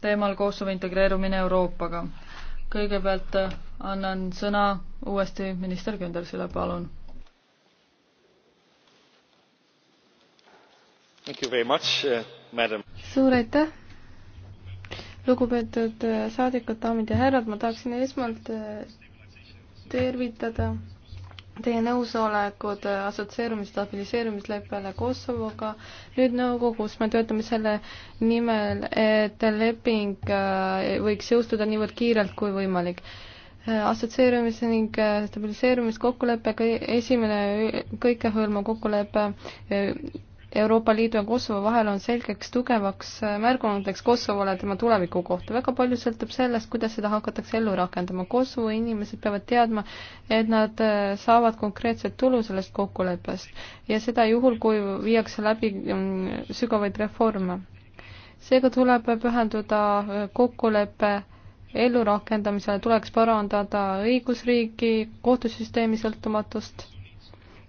teemal Kosovo integreerumine Euroopaga. kõigepealt annan sõna uuesti minister Kündersile, palun. Eh, suur aitäh, lugupeetud eh, saadikud, daamid ja härrad, ma tahaksin esmalt eh, tervitada teie nõusolekud assotsieerumis- stabiliseerumisleppele Kosovoga. nüüd nõukogus me töötame selle nimel, et leping äh, võiks jõustuda niivõrd kiirelt kui võimalik. Äh, assotsieerumise ning äh, stabiliseerumiskokkuleppega e-, esimene kõikehõlmav kokkulepe Euroopa Liidu ja Kosovo vahel on selgeks tugevaks äh, märguandeks Kosovole tema tuleviku kohta. väga palju sõltub sellest, kuidas seda hakatakse ellu rakendama. Kosovo inimesed peavad teadma, et nad äh, saavad konkreetset tulu sellest kokkuleppest ja seda juhul, kui viiakse läbi mm, sügavaid reforme. seega tuleb pühenduda äh, kokkuleppe ellurakendamisele, tuleks parandada õigusriiki, kohtusüsteemi sõltumatust.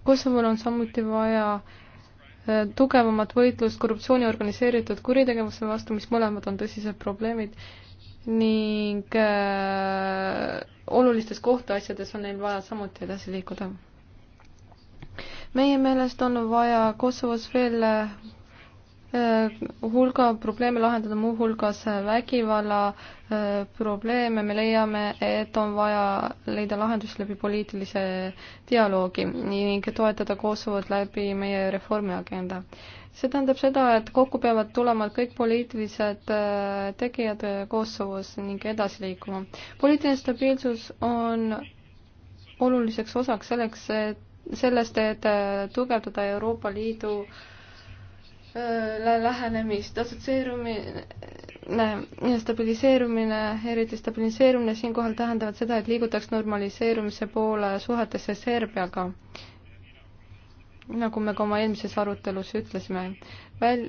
Kosovol on samuti vaja äh, Äh, tugevamat võitlust korruptsiooni organiseeritud kuritegevuse vastu, mis mõlemad on tõsised probleemid ning äh, olulistes kohtuasjades on neil vaja samuti edasi liikuda. meie meelest on vaja Kosovos veel Äh, hulga probleeme lahendada, muuhulgas vägivalla äh, probleeme, me leiame, et on vaja leida lahendus läbi poliitilise dialoogi ning toetada Kosovot läbi meie reformiagenda. see tähendab seda, et kokku peavad tulema kõik poliitilised äh, tegijad Kosovos ning edasi liikuma. poliitiline stabiilsus on oluliseks osaks selleks, et sellest, et tugevdada Euroopa Liidu äh, lähenemist, assotsieerumine ja stabiliseerumine, eriti stabiliseerumine siinkohal tähendavad seda, et liigutaks normaliseerumise poole suhetesse Serbiaga, nagu me ka oma eelmises arutelus ütlesime. väl-,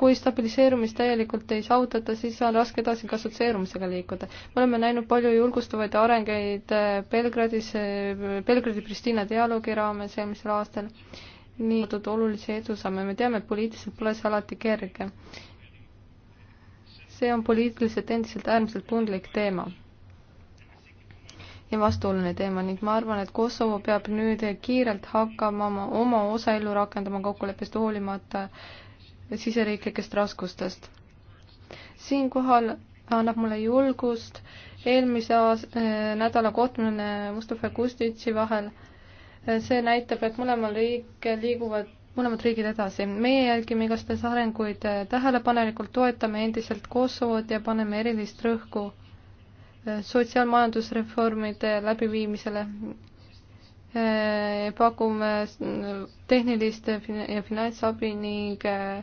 kui stabiliseerumist täielikult ei saavutata, siis on raske edasi ka assotsieerumisega liikuda. me oleme näinud palju julgustavaid arenguid äh, Belgradis, äh, Belgradi-Pristina dialoogi raames eelmisel aastal nii olulisi edusamme, me teame, et poliitiliselt pole see alati kerge. see on poliitiliselt endiselt äärmiselt tundlik teema ja vastuoluline teema ning ma arvan, et Kosovo peab nüüd kiirelt hakkama oma, oma osa ellu rakendama kokkuleppest hoolimata siseriiklikest raskustest. siinkohal annab mulle julgust eelmise aas-, eh, nädala kohtumine Mustafa Kustitši vahel äh, see näitab, et mõlemal riik liiguvad, mõlemad riigid edasi. meie jälgime igastahes arenguid tähelepanelikult, toetame endiselt Kosovot ja paneme erilist rõhku eh, sotsiaalmajandusreformide läbiviimisele. Eh, pakume tehnilist ja finantsabi ning eh,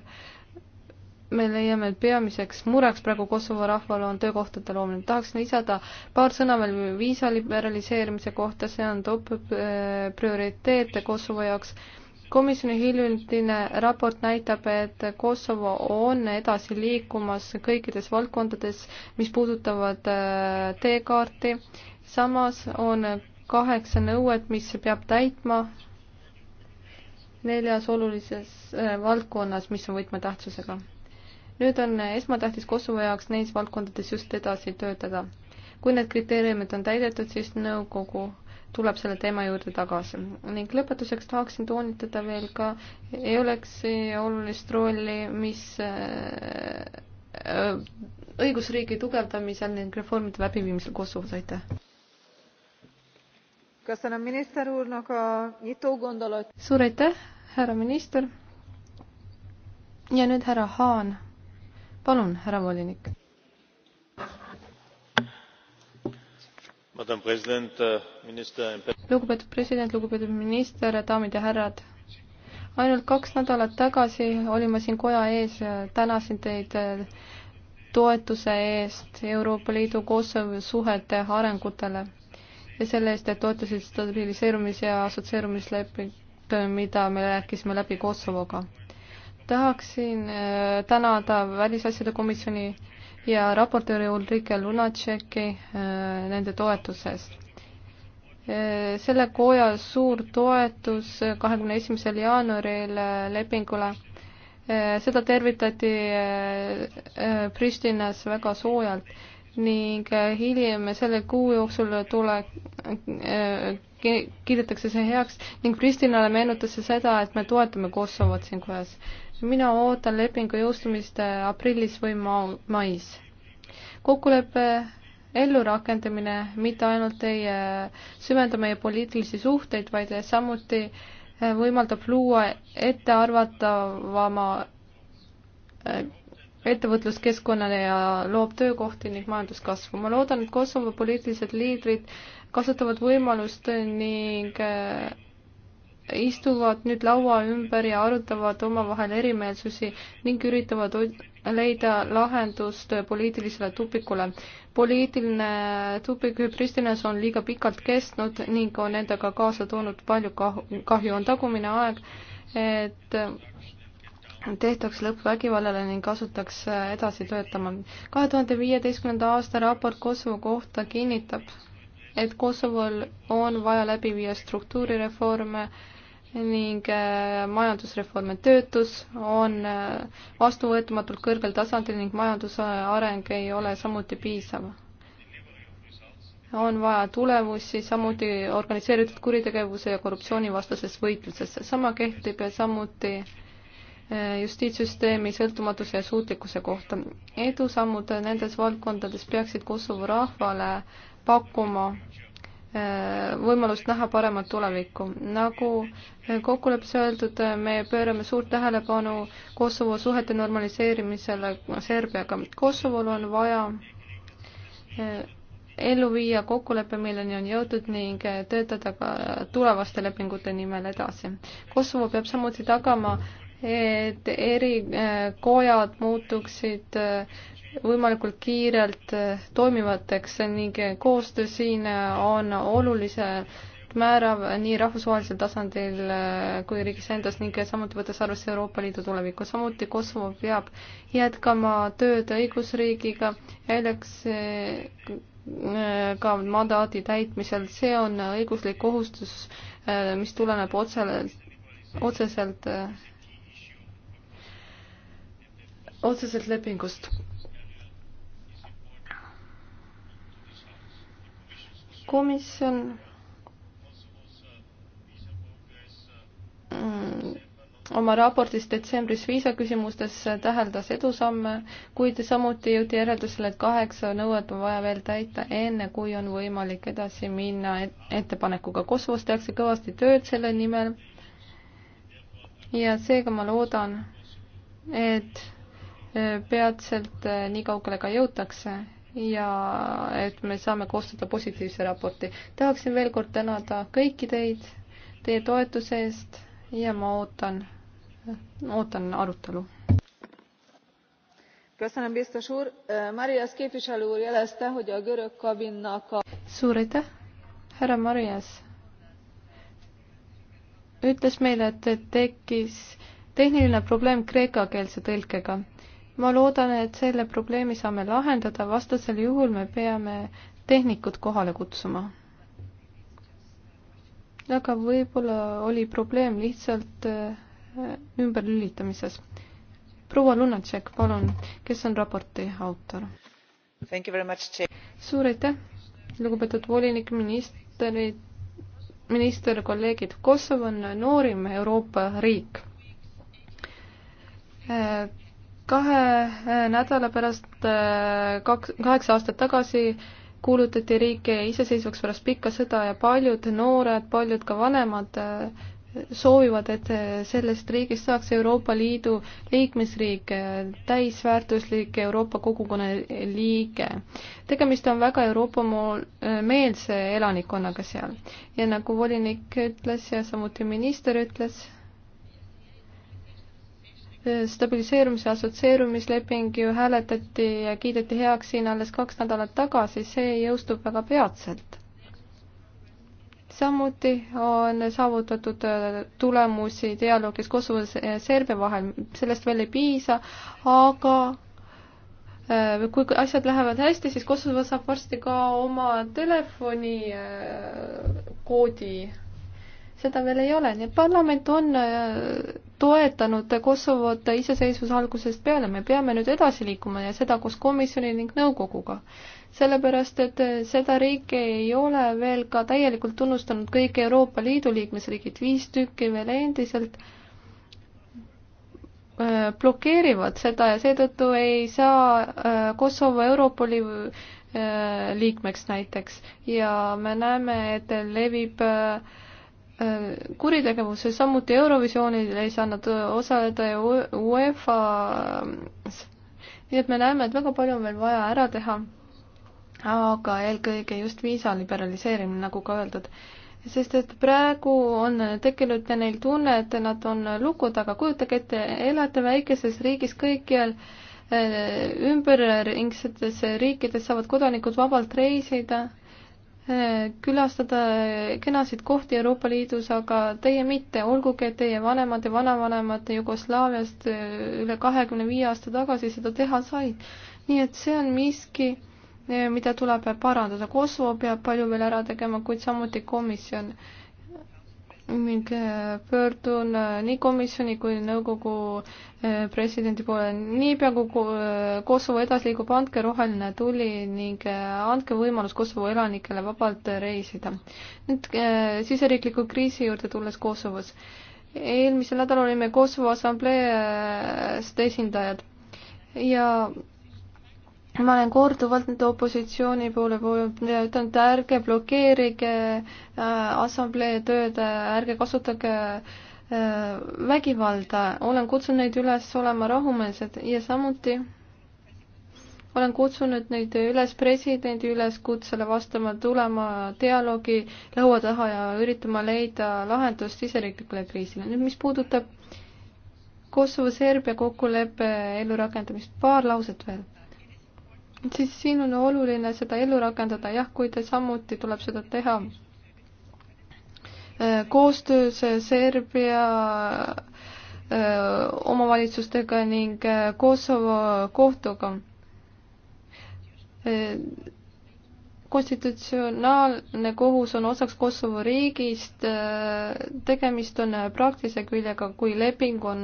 me leiame, et peamiseks mureks praegu Kosovo rahvale on töökohtade loomine. tahaksin lisada paar sõna veel viisa liberaliseerimise kohta, see on top äh, prioriteet Kosovo jaoks. komisjoni hiljutine raport näitab, et Kosovo on edasi liikumas kõikides valdkondades, mis puudutavad äh, teekaarti. samas on kaheksa nõuet, mis peab täitma neljas olulises äh, valdkonnas, mis on võtmetähtsusega nüüd on esmatähtis Kosovo jaoks neis valdkondades just edasi töötada. kui need kriteeriumid on täidetud, siis nõukogu tuleb selle teema juurde tagasi. ning lõpetuseks tahaksin toonitada veel ka EOLEX-i olulist rolli, mis äh, õigusriigi tugevdamisel ning reformide läbiviimisel Kosovos, aitäh! suur aitäh, härra minister! ja nüüd härra Haan palun, härra volinik. lugupeetud president, lugupeetud minister, daamid ja härrad. ainult kaks nädalat tagasi olin ma siin koja ees ja tänasin teid eh, toetuse eest Euroopa Liidu Kosovo suhete arengutele ja selle eest, et toetasid stabiliseerumis- ja assotsieerumislepingut, mida me rääkisime läbi Kosovoga tahaksin äh, tänada Välisasjade komisjoni ja raportööri Ulrike Lunatšeki äh, nende toetuse eest. Äh, selle koja suur toetus kahekümne esimesel jaanuaril lepingule, seda tervitati Pristinas väga soojalt ning hiljem selle kuu jooksul tule, kiidetakse see heaks ning Pristinale meenutas see seda, et me toetame Kosovot siin kojas mina ootan lepingu jõustumist eh, aprillis või ma-, mais. kokkuleppe ellurakendamine mitte ainult ei eh, süvenda meie poliitilisi suhteid, vaid samuti eh, võimaldab luua ettearvatavama ettevõtluskeskkonnale ja loob töökohti ning majanduskasvu. ma loodan, et Kosovo poliitilised liidrid kasutavad võimalust ning istuvad nüüd laua ümber ja arutavad omavahel erimeelsusi ning üritavad leida lahendust poliitilisele tupikule. poliitiline tupik Pristinas on liiga pikalt kestnud ning on endaga kaasa toonud palju kahju, on tagumine aeg, et tehtaks lõpp vägivallale ning asutaks edasi töötama. kahe tuhande viieteistkümnenda aasta raport Kosovo kohta kinnitab, et Kosovol on vaja läbi viia struktuurireforme äh, ning äh, majandusreform ja töötus on äh, vastuvõetamatult kõrgel tasandil ning majanduse areng ei ole samuti piisav. on vaja tulemusi samuti organiseeritud kuritegevuse ja korruptsioonivastases võitluses, sama kehtib samuti äh, justiitssüsteemi sõltumatuse ja suutlikkuse kohta. edusammud nendes valdkondades peaksid Kosovo rahvale pakkuma Äh, võimalust näha paremat tulevikku. nagu äh, kokkuleppes öeldud, äh, me pöörame suurt tähelepanu Kosovo suhete normaliseerimisele Serbiaga. Kosovol on vaja ellu viia kokkulepe, milleni on jõutud ning töötada ka tulevaste lepingute nimel edasi. Kosovo peab samuti tagama et erikojad muutuksid võimalikult kiirelt eh, toimivateks ning koostöö siin on olulise määrav nii rahvusvahelisel tasandil eh, kui riigis endas ning samuti võttes arvesse Euroopa Liidu tulevikku. samuti Kosovo peab jätkama tööd õigusriigiga, selleks eh, ka mandaadi täitmisel, see on õiguslik kohustus, mis tuleneb otseselt, otseselt, otseselt lepingust komisjon mm, oma raportis detsembris viisaküsimustes täheldas edusamme, kuid samuti jõuti järeldusele, et kaheksa nõuet on vaja veel täita, enne kui on võimalik edasi minna ettepanekuga. Kosovos tehakse kõvasti tööd selle nimel ja seega ma loodan, et eh, peatselt eh, nii kaugele ka jõutakse ja et me saame koostada positiivse raporti. tahaksin veel kord tänada kõiki teid teie toetuse eest ja ma ootan, ootan arutelu. suur aitäh, härra Marias ütles meile, et tekkis tehniline probleem kreekakeelse tõlkega ma loodan, et selle probleemi saame lahendada, vastasel juhul me peame tehnikud kohale kutsuma. aga võib-olla oli probleem lihtsalt äh, ümberlülitamises. proua Lunatšek, palun, kes on raporti autor? suur aitäh, lugupeetud volinik, ministrid, minister, kolleegid. Kosovo on noorim Euroopa riik äh, kahe eh, nädala pärast eh, kaks, kaheksa aastat tagasi kuulutati riik iseseisvaks pärast pikka sõda ja paljud noored, paljud ka vanemad eh, soovivad, et sellest riigist saaks Euroopa Liidu liikmesriik, täisväärtuslik Euroopa kogukonna liige. tegemist on väga Euroopa meelse elanikkonnaga seal ja nagu volinik ütles ja samuti minister ütles, stabiliseerumise assotsieerumisleping ju hääletati ja kiideti heaks siin alles kaks nädalat tagasi, see jõustub väga peatselt. samuti on saavutatud äh, tulemusi dialoogis Kosovo ja Serbia vahel, sellest veel ei piisa, aga äh, kui asjad lähevad hästi, siis Kosovo saab varsti ka oma telefonikoodi. Äh, seda veel ei ole, nii et parlament on toetanud Kosovot iseseisvuse algusest peale, me peame nüüd edasi liikuma ja seda koos komisjoni ning nõukoguga. sellepärast, et seda riiki ei ole veel ka täielikult tunnustanud kõik Euroopa Liidu liikmesriigid, viis tükki veel endiselt äh, blokeerivad seda ja seetõttu ei saa äh, Kosovo Europoli äh, liikmeks näiteks ja me näeme, et levib äh, kuritegevuse, samuti Eurovisioonil ei saanud osaleda ja UEFA-s. nii et me näeme, et väga palju on veel vaja ära teha, aga eelkõige just viisa liberaliseerimine, nagu ka öeldud. sest et praegu on tekkinud neil tunne, et nad on luku taga, kujutage ette, elate väikeses riigis kõikjal eh, ümberringsetes riikides saavad kodanikud vabalt reisida külastada kenasid kohti Euroopa Liidus, aga teie mitte, olgugi et teie vanemad ja vanavanemad Jugoslaaviast äh, üle kahekümne viie aasta tagasi seda teha said. nii et see on miski, äh, mida tuleb parandada. Kosovo peab palju veel ära tegema, kuid samuti komisjon ning äh, pöördun äh, nii komisjoni kui nõukogu äh, presidendi poole. niipea kui Kosovo edasi liigub, andke roheline tuli ning andke võimalus Kosovo elanikele vabalt reisida. nüüd siseriikliku kriisi juurde tulles Kosovos. eelmisel nädalal olime Kosovo assambleest esindajad ja ma olen korduvalt nüüd opositsiooni poole poolt ütelnud, ärge blokeerige äh, assamblee tööd, äh, ärge kasutage äh, vägivalda, olen kutsunud neid üles olema rahumeelsed ja samuti olen kutsunud neid üles presidendi üleskutsele vastama, tulema dialoogi laua taha ja üritama leida lahendust siseriiklikule kriisile. nüüd, mis puudutab Kosovo-Serbia kokkuleppe ellurakendamist, paar lauset veel siis siin on oluline seda ellu rakendada, jah, kuid samuti tuleb seda teha äh, koostöös Serbia äh, omavalitsustega ning äh, Kosovo kohtuga. konstitutsionaalne kohus on osaks Kosovo riigist, tegemist on praktilise küljega, kui leping on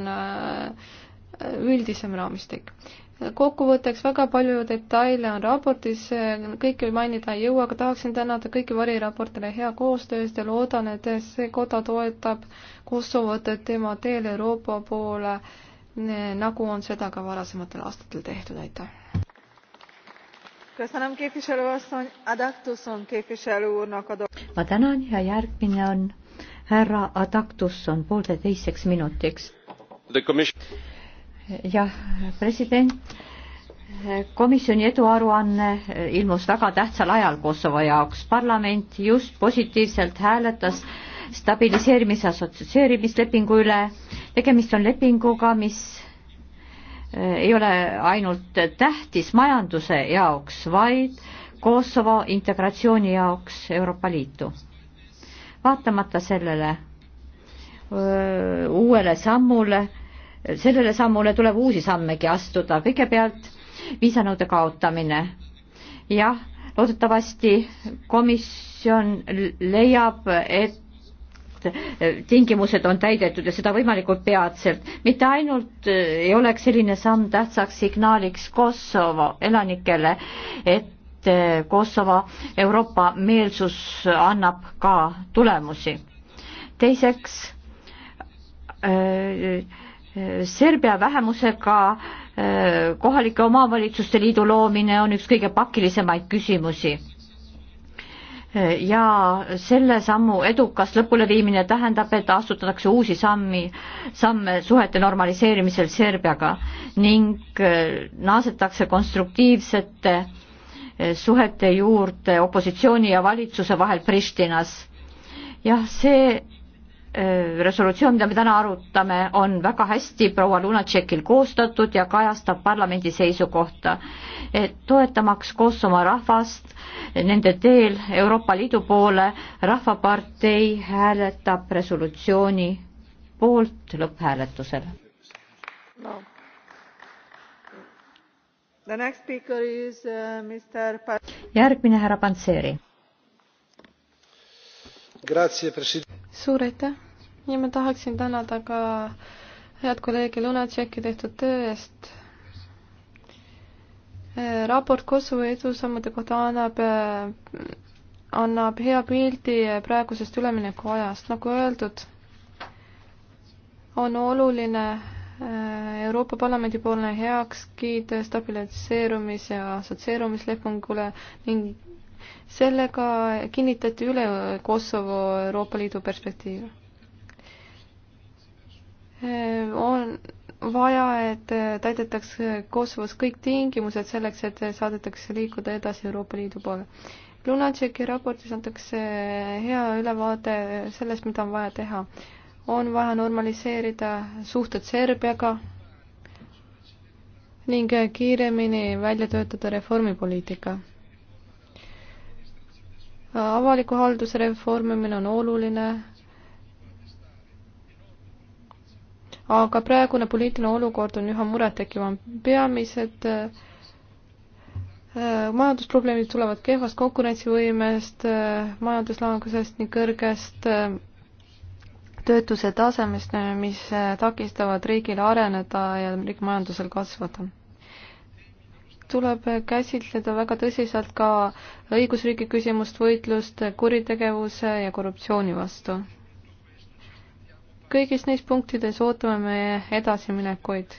üldisem raamistik kokkuvõtteks väga palju detaile on raportis, kõike mainida ei jõua, aga tahaksin tänada kõiki variraportile hea koostöö eest ja loodan, et see koda toetab Kosovot tema teel Euroopa poole, nagu on seda ka varasematel aastatel tehtud, aitäh. ma tänan ja järgmine on härra Adaktusson poolteiseks minutiks jah, president, komisjoni eduaruanne ilmus väga tähtsal ajal Kosovo jaoks. parlament just positiivselt hääletas stabiliseerimis- ja assotsieerimislepingu üle. tegemist on lepinguga, mis eh, ei ole ainult tähtis majanduse jaoks, vaid Kosovo integratsiooni jaoks Euroopa Liitu. vaatamata sellele öö, eh, uuele sammule sellele sammule tuleb uusi sammegi astuda, kõigepealt viisanõude kaotamine. jah, loodetavasti komisjon leiab, et tingimused on täidetud ja seda võimalikult peatselt. mitte ainult äh, ei oleks selline samm tähtsaks signaaliks Kosovo elanikele, et äh, Kosovo Euroopa meelsus annab ka tulemusi. teiseks äh, Serbia vähemusega eh, kohalike omavalitsuste liidu loomine on üks kõige pakilisemaid küsimusi. ja selle sammu edukas lõpuleviimine tähendab, et astutakse uusi sammi, samme suhete normaliseerimisel Serbiaga ning eh, naasetakse konstruktiivsete eh, suhete juurde opositsiooni ja valitsuse vahel Pristinas. jah, see Äh, resolutsioon, mida me täna arutame, on väga hästi proua Lunatšekil koostatud ja kajastab parlamendi seisukohta, et toetamaks Kosovo rahvast nende teel Euroopa Liidu poole, Rahvapartei hääletab resolutsiooni poolt lõpphääletusel no.. Uh, järgmine härra Panseri. suur aitäh ja ma tahaksin tänada ka head kolleegi Lunatšeki tehtud töö eest. raport Kosovo edusammude kohta annab, annab hea pildi praegusest üleminekuajast, nagu öeldud, on oluline äh, Euroopa Parlamendi poolne heakskiit stabiliseerumis- ja assotsieerumislepingule ning sellega kinnitati üle Kosovo Euroopa Liidu perspektiiv on vaja, et täidetaks Kosovos kõik tingimused selleks, et saadetakse liikuda edasi Euroopa Liidu poole. Lunatšeki raportis antakse hea ülevaade sellest, mida on vaja teha. on vaja normaliseerida suhted Serbiaga ning kiiremini välja töötada reformipoliitika. avaliku halduse reformimine on oluline aga praegune poliitiline olukord on üha murettekitavam. peamised äh, äh, majandusprobleemid tulevad kehvast konkurentsivõimest, äh, majanduslangusest ning kõrgest töötuse tasemest, mis takistavad riigil areneda ja riigi majandusel kasvada tuleb käsitleda väga tõsiselt ka õigusriigi küsimust, võitlust kuritegevuse ja korruptsiooni vastu kõigis neis punktides ootame me edasiminekuid.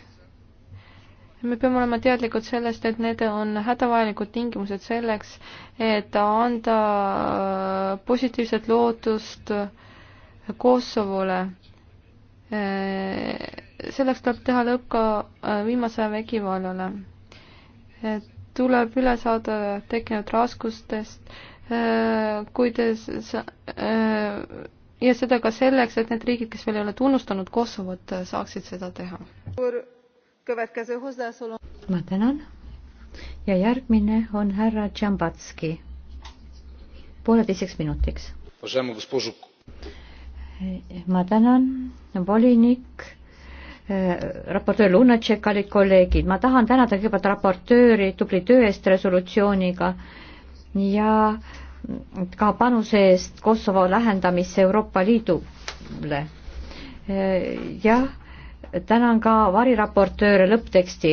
me peame olema teadlikud sellest, et need on hädavajalikud tingimused selleks, et anda positiivset lootust Kosovole. selleks tuleb teha lõpp ka äh, viimase aja vägivallale. tuleb üle saada tekkinud raskustest, kuid ja seda ka selleks, et need riigid, kes veel ei ole tunnustanud Kosovot, saaksid seda teha. ma tänan ja järgmine on härra Džambatski pooleteiseks minutiks. ma tänan, volinik eh, raportöör Lunatšek, kallid kolleegid, ma tahan tänada kõigepealt raportööri tubli töö eest resolutsiooniga ja äh, ka panuse eest Kosovo lähendamisse Euroopa Liidule. jah, tänan ka variraportööre lõppteksti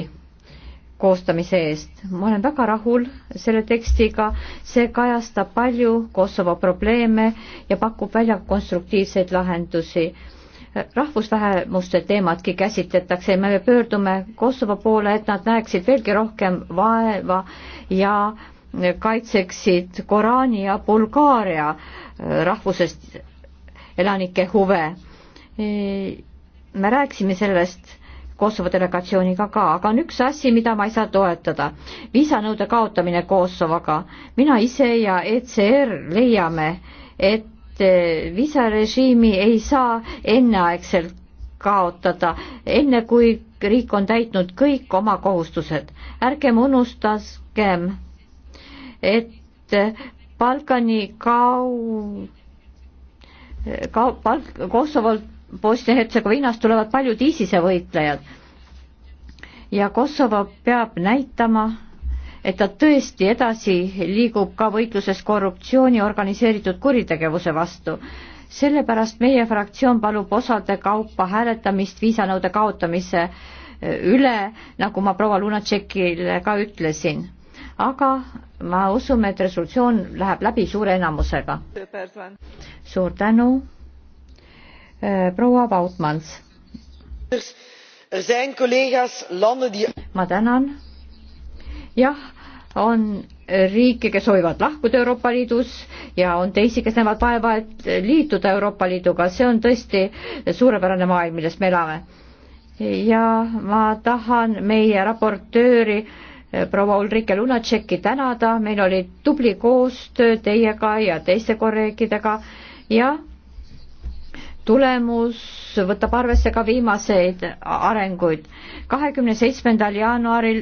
koostamise eest. ma olen väga rahul selle tekstiga, see kajastab palju Kosovo probleeme ja pakub välja konstruktiivseid lahendusi. rahvusvähemuste teemadki käsitletakse ja me pöördume Kosovo poole, et nad näeksid veelgi rohkem vaeva ja kaitseksid Koraani ja Bulgaaria äh, rahvusest elanike huve. E, me rääkisime sellest Kosovo delegatsiooniga ka, aga on üks asi, mida ma ei saa toetada. viisanõude kaotamine Kosovoga. mina ise ja ECR leiame, et e, viisarežiimi ei saa enneaegselt kaotada, enne kui riik on täitnud kõik oma kohustused. ärgem unustagem et Balkani kau-, kau-, Balk-, Kosovolt, Bosnia-Hertsegoviinast tulevad paljud ISISe võitlejad. ja Kosovo peab näitama, et ta tõesti edasi liigub ka võitluses korruptsiooni organiseeritud kuritegevuse vastu. sellepärast meie fraktsioon palub osade kaupa hääletamist viisanõude kaotamise üle, nagu ma proua Lunatšekile ka ütlesin aga ma usume, et resolutsioon läheb läbi suure enamusega. suur tänu, äh, proua Vautmans. ma tänan. jah, on riike, kes soovivad lahkuda Euroopa Liidus ja on teisi, kes näevad vaeva, et liituda Euroopa Liiduga, see on tõesti suurepärane maailm, milles me elame. ja ma tahan meie raportööri äh, Eh, proua Ulrike Lunatšeki tänada, meil oli tubli koostöö teiega ja teiste kolleegidega ja tulemus võtab arvesse ka viimaseid arenguid. kahekümne seitsmendal jaanuaril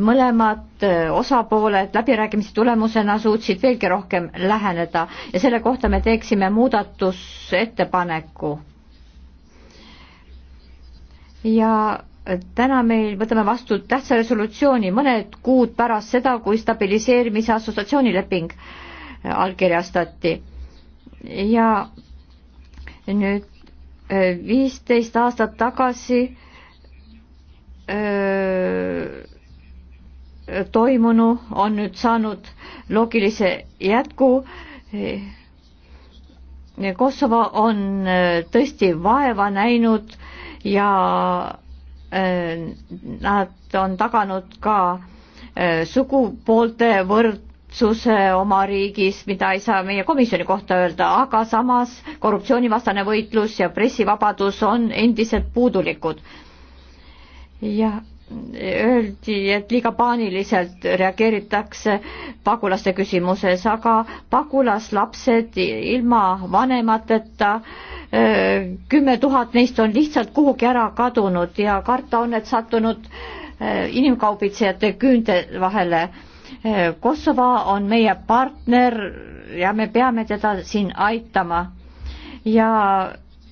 mõlemad eh, osapooled läbirääkimise tulemusena suutsid veelgi rohkem läheneda ja selle kohta me teeksime muudatusettepaneku. ja täna meil võtame vastu tähtsa resolutsiooni mõned kuud pärast seda, kui stabiliseerimise assotsiatsioonileping äh, allkirjastati. ja nüüd äh, viisteist aastat tagasi öö, äh, toimunu on nüüd saanud loogilise jätku. Kosovo on tõesti vaeva näinud ja Äh, nad on taganud ka äh, sugupoolte võrdsuse oma riigis, mida ei saa meie komisjoni kohta öelda, aga samas korruptsioonivastane võitlus ja pressivabadus on endiselt puudulikud. jah öeldi, et liiga paaniliselt reageeritakse pagulaste küsimuses, aga pagulaslapsed ilma vanemateta äh, kümme tuhat neist on lihtsalt kuhugi ära kadunud ja karta on, et sattunud eh, inimkaubitsejate küünte vahele. Eh, Kosovo on meie partner ja me peame teda siin aitama ja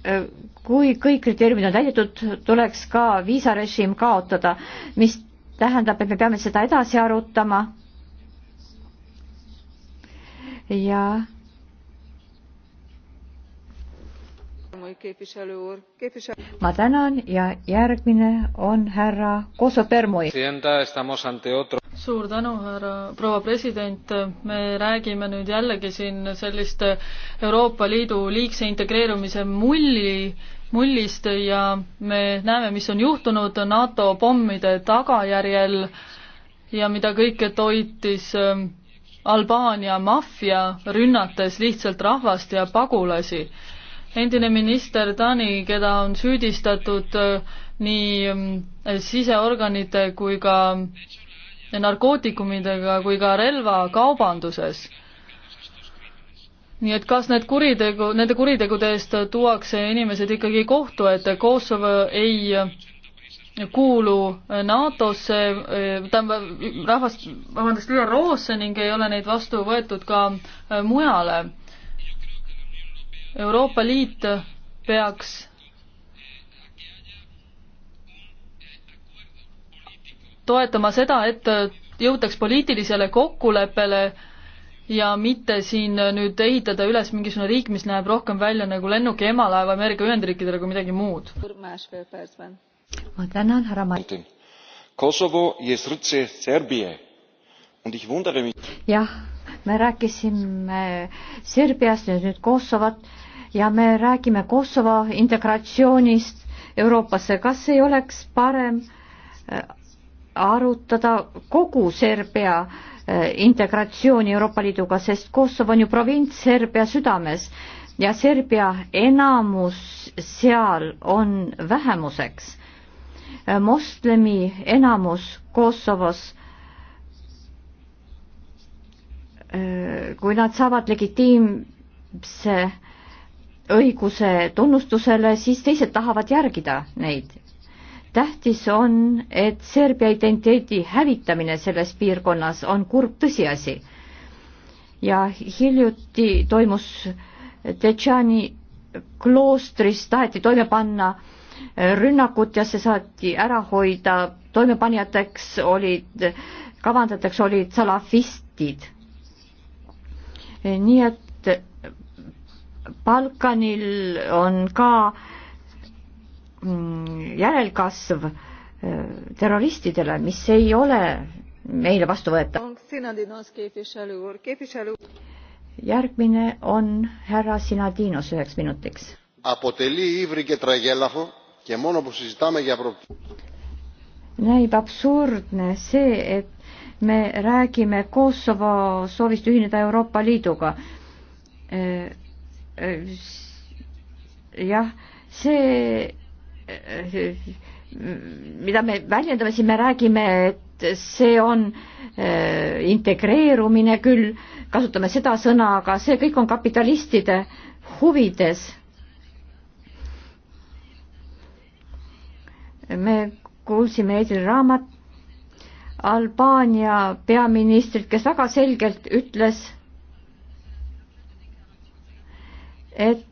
eh, kui kõik kriteeriumid on täidetud, tuleks ka viisarežiim kaotada, mis tähendab, et me peame seda edasi arutama. ja ma tänan ja järgmine on härra Koso Permoi. suur tänu, härra, proua president, me räägime nüüd jällegi siin sellist Euroopa Liidu liigse integreerumise mulli, mullist ja me näeme, mis on juhtunud NATO pommide tagajärjel ja mida kõike toitis ähm, Albaania maffia, rünnates lihtsalt rahvast ja pagulasi endine minister Tani, keda on süüdistatud äh, nii mm, siseorganite kui ka narkootikumidega kui ka relvakaubanduses. nii et kas need kuritegu, nende kuritegude eest tuuakse inimesed ikkagi kohtu ette, Kosovo ei äh, kuulu äh, NATO-sse, tähendab rahvast, vabandust, ÜRO-sse ning ei ole neid vastu võetud ka mujale Euroopa Liit peaks toetama seda, et jõutaks poliitilisele kokkuleppele ja mitte siin nüüd ehitada üles mingisugune riik, mis näeb rohkem välja nagu lennuki emalaev Ameerika Ühendriikidele kui midagi muud. ma tänan, härra Martin. Kosovo jest rütse Serbia und ich wundere mich. jah, me rääkisime Serbiast ja nüüd Kosovot ja me räägime Kosovo integratsioonist Euroopasse, kas ei oleks parem äh, arutada kogu Serbia äh, integratsiooni Euroopa Liiduga, sest Kosovo on ju provints Serbia südames ja Serbia enamus seal on vähemuseks. Äh, moslemi enamus Kosovos kui nad saavad legitiimse õiguse tunnustusele, siis teised tahavad järgida neid. tähtis on, et Serbia identiteedi hävitamine selles piirkonnas on kurb tõsiasi. ja hiljuti toimus Tšetšaani kloostris, taheti toime panna rünnakut ja see saati ära hoida, toimepanijateks olid, kavandajateks olid salafistid. nii et Balkanil on ka mm, järelkasv äh, terroristidele, mis ei ole meile vastuvõetav. järgmine on härra Sinadinos üheks minutiks. näib absurdne see, et me räägime Kosovo soovist ühineda Euroopa Liiduga äh, jah, see, mida me väljendame siin, me räägime, et see on äh, integreerumine küll, kasutame seda sõna, aga see kõik on kapitalistide huvides. me kuulsime Edil Raamat Albaania peaministrit, kes väga selgelt ütles, et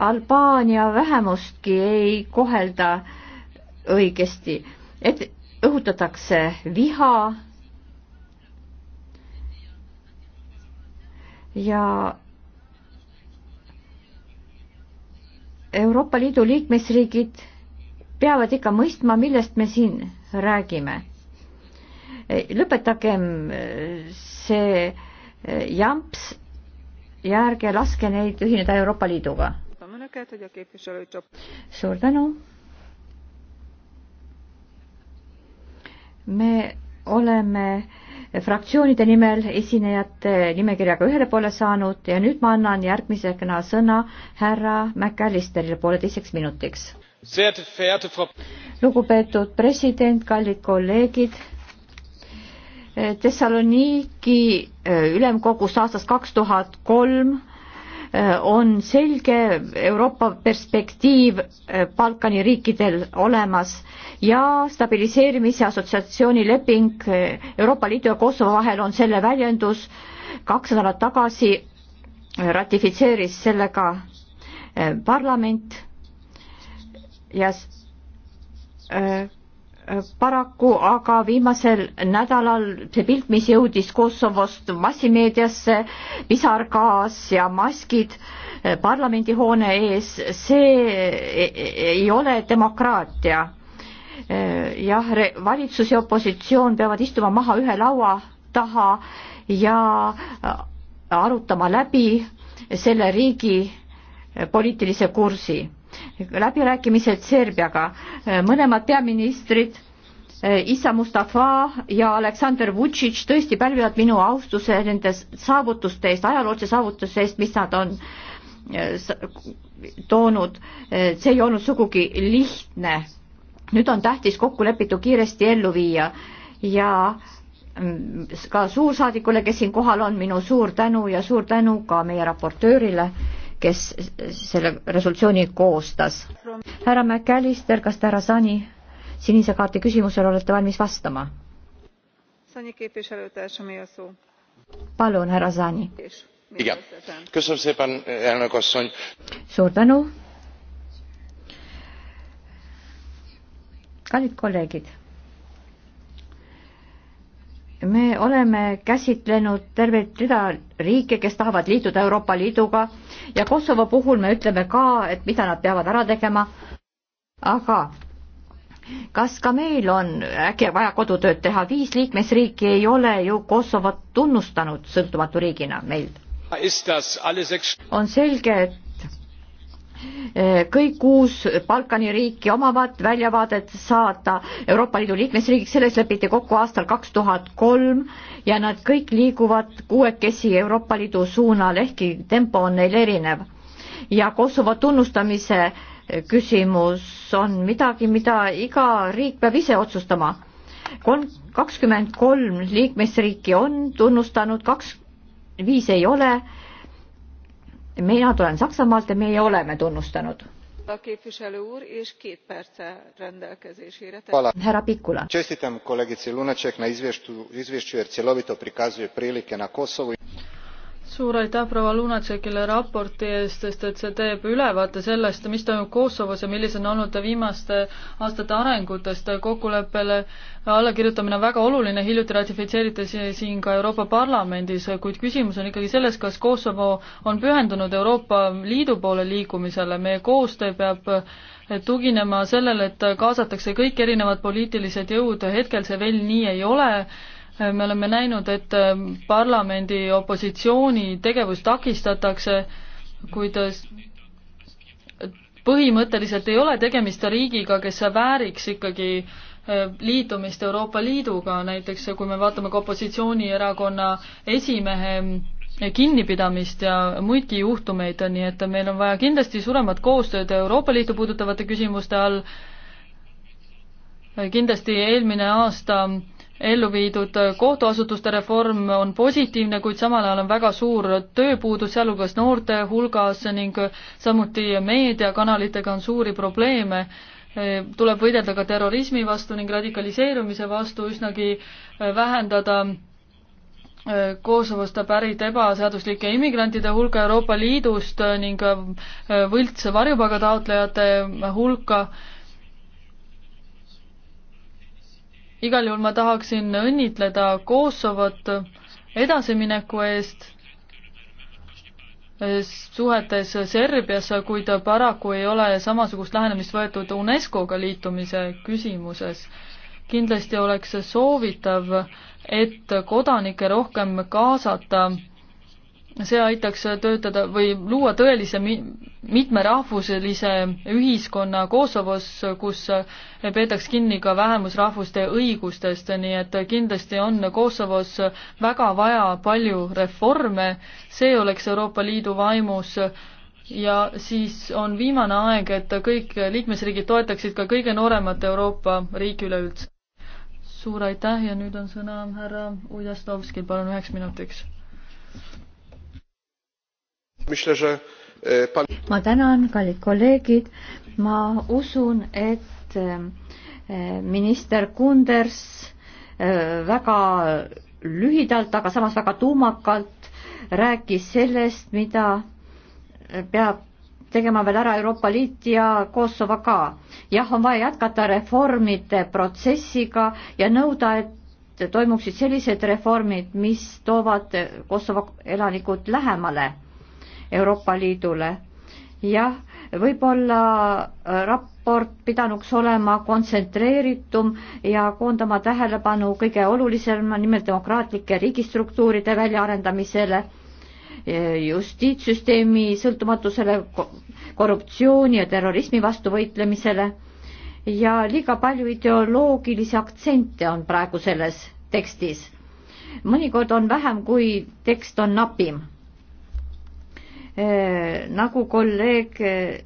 Albaania vähemustki ei kohelda õigesti, et õhutatakse viha ja Euroopa Liidu liikmesriigid peavad ikka mõistma, millest me siin räägime. lõpetagem see jamps ja ärge laske neid ühineda Euroopa Liiduga. suur tänu. me oleme fraktsioonide nimel esinejate nimekirjaga ühele poole saanud ja nüüd ma annan järgmisena sõna härra McAllisterile pooleteiseks minutiks. lugupeetud president, kallid kolleegid Eh, Thessaloniki eh, ülemkogus aastast kaks tuhat kolm eh, on selge Euroopa perspektiiv Balkani riikidel olemas ja stabiliseerimise assotsiatsiooni leping Euroopa Liidu ja Kosovo vahel on selle väljendus. kaks nädalat tagasi ratifitseeris sellega parlament ja äh, paraku aga viimasel nädalal see pilt, mis jõudis Kosovost massimeediasse, pisargaas ja maskid eh, parlamendihoone ees, see e-, e-, ei ole demokraatia. Eh, jah, valitsus ja opositsioon peavad istuma maha ühe laua taha ja eh, arutama läbi selle riigi poliitilise kursi läbirääkimised Serbiaga. mõlemad peaministrid eh, Issa Mustafa ja Aleksander Vutšitš tõesti pälvivad minu austuse nende saavutuste eest, ajaloolise saavutuse eest, mis nad on eh, toonud. Eh, see ei olnud sugugi lihtne. nüüd on tähtis kokkulepitu kiiresti ellu viia ja mm, ka suursaadikule, kes siin kohal on, minu suur tänu ja suur tänu ka meie raportöörile kes selle resolutsiooni koostas. härra McAllister, kas te härra Sani sinise kaarti küsimusele olete valmis vastama? palun, härra Sani. suur tänu. kallid kolleegid me oleme käsitlenud tervet rida riike, kes tahavad liituda Euroopa Liiduga ja Kosovo puhul me ütleme ka, et mida nad peavad ära tegema. aga kas ka meil on äkki vaja kodutööd teha, viis liikmesriiki ei ole ju Kosovot tunnustanud sõltumatu riigina meilt. on selge, et Eh, kõik kuus Balkani riiki omavad väljavaadet saada Euroopa Liidu liikmesriigiks, selles lepiti kokku aastal kaks tuhat kolm ja nad kõik liiguvad kuuekesi Euroopa Liidu suunal, ehkki tempo on neil erinev. ja Kosovo tunnustamise küsimus on midagi, mida iga riik peab ise otsustama. kolm, kakskümmend kolm liikmesriiki on tunnustanud, kaks, viis ei ole mina tulen Saksamaalt ja meie oleme tunnustanud. härra Pikula. čestitam kolegici Lunacek na izvješću jer cjelovito prikazuje prilike na Kosovu suur aitäh proua Lunatšekile raporti eest, sest et see teeb ülevaate sellest, mis toimub Kosovos ja millised on olnud viimaste aastate arengutest. kokkuleppele allakirjutamine on väga oluline, hiljuti ratifitseeriti see siin ka Euroopa Parlamendis, kuid küsimus on ikkagi selles, kas Kosovo on pühendunud Euroopa Liidu poole liikumisele, meie koostöö peab tuginema sellele, et kaasatakse kõik erinevad poliitilised jõud, hetkel see veel nii ei ole me oleme näinud, et ähm, parlamendi opositsiooni tegevust takistatakse, kuid äh, põhimõtteliselt ei ole tegemist riigiga, kes vääriks ikkagi äh, liitumist Euroopa Liiduga, näiteks kui me vaatame ka opositsioonierakonna esimehe äh, kinnipidamist ja muidki juhtumeid, nii et meil on vaja kindlasti suuremat koostööd Euroopa Liitu puudutavate küsimuste all, kindlasti eelmine aasta äh, ellu viidud kohtuasutuste reform on positiivne, kuid samal ajal on väga suur tööpuudus, sealhulgas noorte hulgas ning samuti meediakanalitega on suuri probleeme. tuleb võidelda ka terrorismi vastu ning radikaliseerumise vastu, üsnagi vähendada Kosovost pärit ebaseaduslike immigrantide hulka Euroopa Liidust ning võlts varjupaiga taotlejate hulka igal juhul ma tahaksin õnnitleda Kosovot edasimineku eest suhetes Serbias, kuid paraku ei ole samasugust lähenemist võetud UNESCO-ga liitumise küsimuses. kindlasti oleks soovitav, et kodanikke rohkem kaasata, see aitaks töötada või luua tõelise mitmerahvuselise ühiskonna Kosovos, kus peetaks kinni ka vähemusrahvuste õigustest, nii et kindlasti on Kosovos väga vaja palju reforme, see oleks Euroopa Liidu vaimus ja siis on viimane aeg, et kõik liikmesriigid toetaksid ka kõige nooremat Euroopa riiki üleüldse. suur aitäh ja nüüd on sõna härra Ujastovskil, palun üheks minutiks. Myślę, że Eh, ma tänan, kallid kolleegid, ma usun, et eh, minister Kunders eh, väga lühidalt, aga samas väga tuumakalt rääkis sellest, mida peab tegema veel ära Euroopa Liit ja Kosovo ka. jah, on vaja jätkata reformide protsessiga ja nõuda, et toimuksid sellised reformid, mis toovad Kosovo elanikud lähemale Euroopa Liidule. jah, võib-olla äh, raport pidanuks olema kontsentreeritum ja koondama tähelepanu kõige olulisema, nimelt demokraatlike riigistruktuuride väljaarendamisele, äh, justiitssüsteemi sõltumatusele, korruptsiooni ja terrorismi vastu võitlemisele ja liiga palju ideoloogilisi aktsente on praegu selles tekstis. mõnikord on vähem, kui tekst on napim. Eh, nagu kolleeg eh,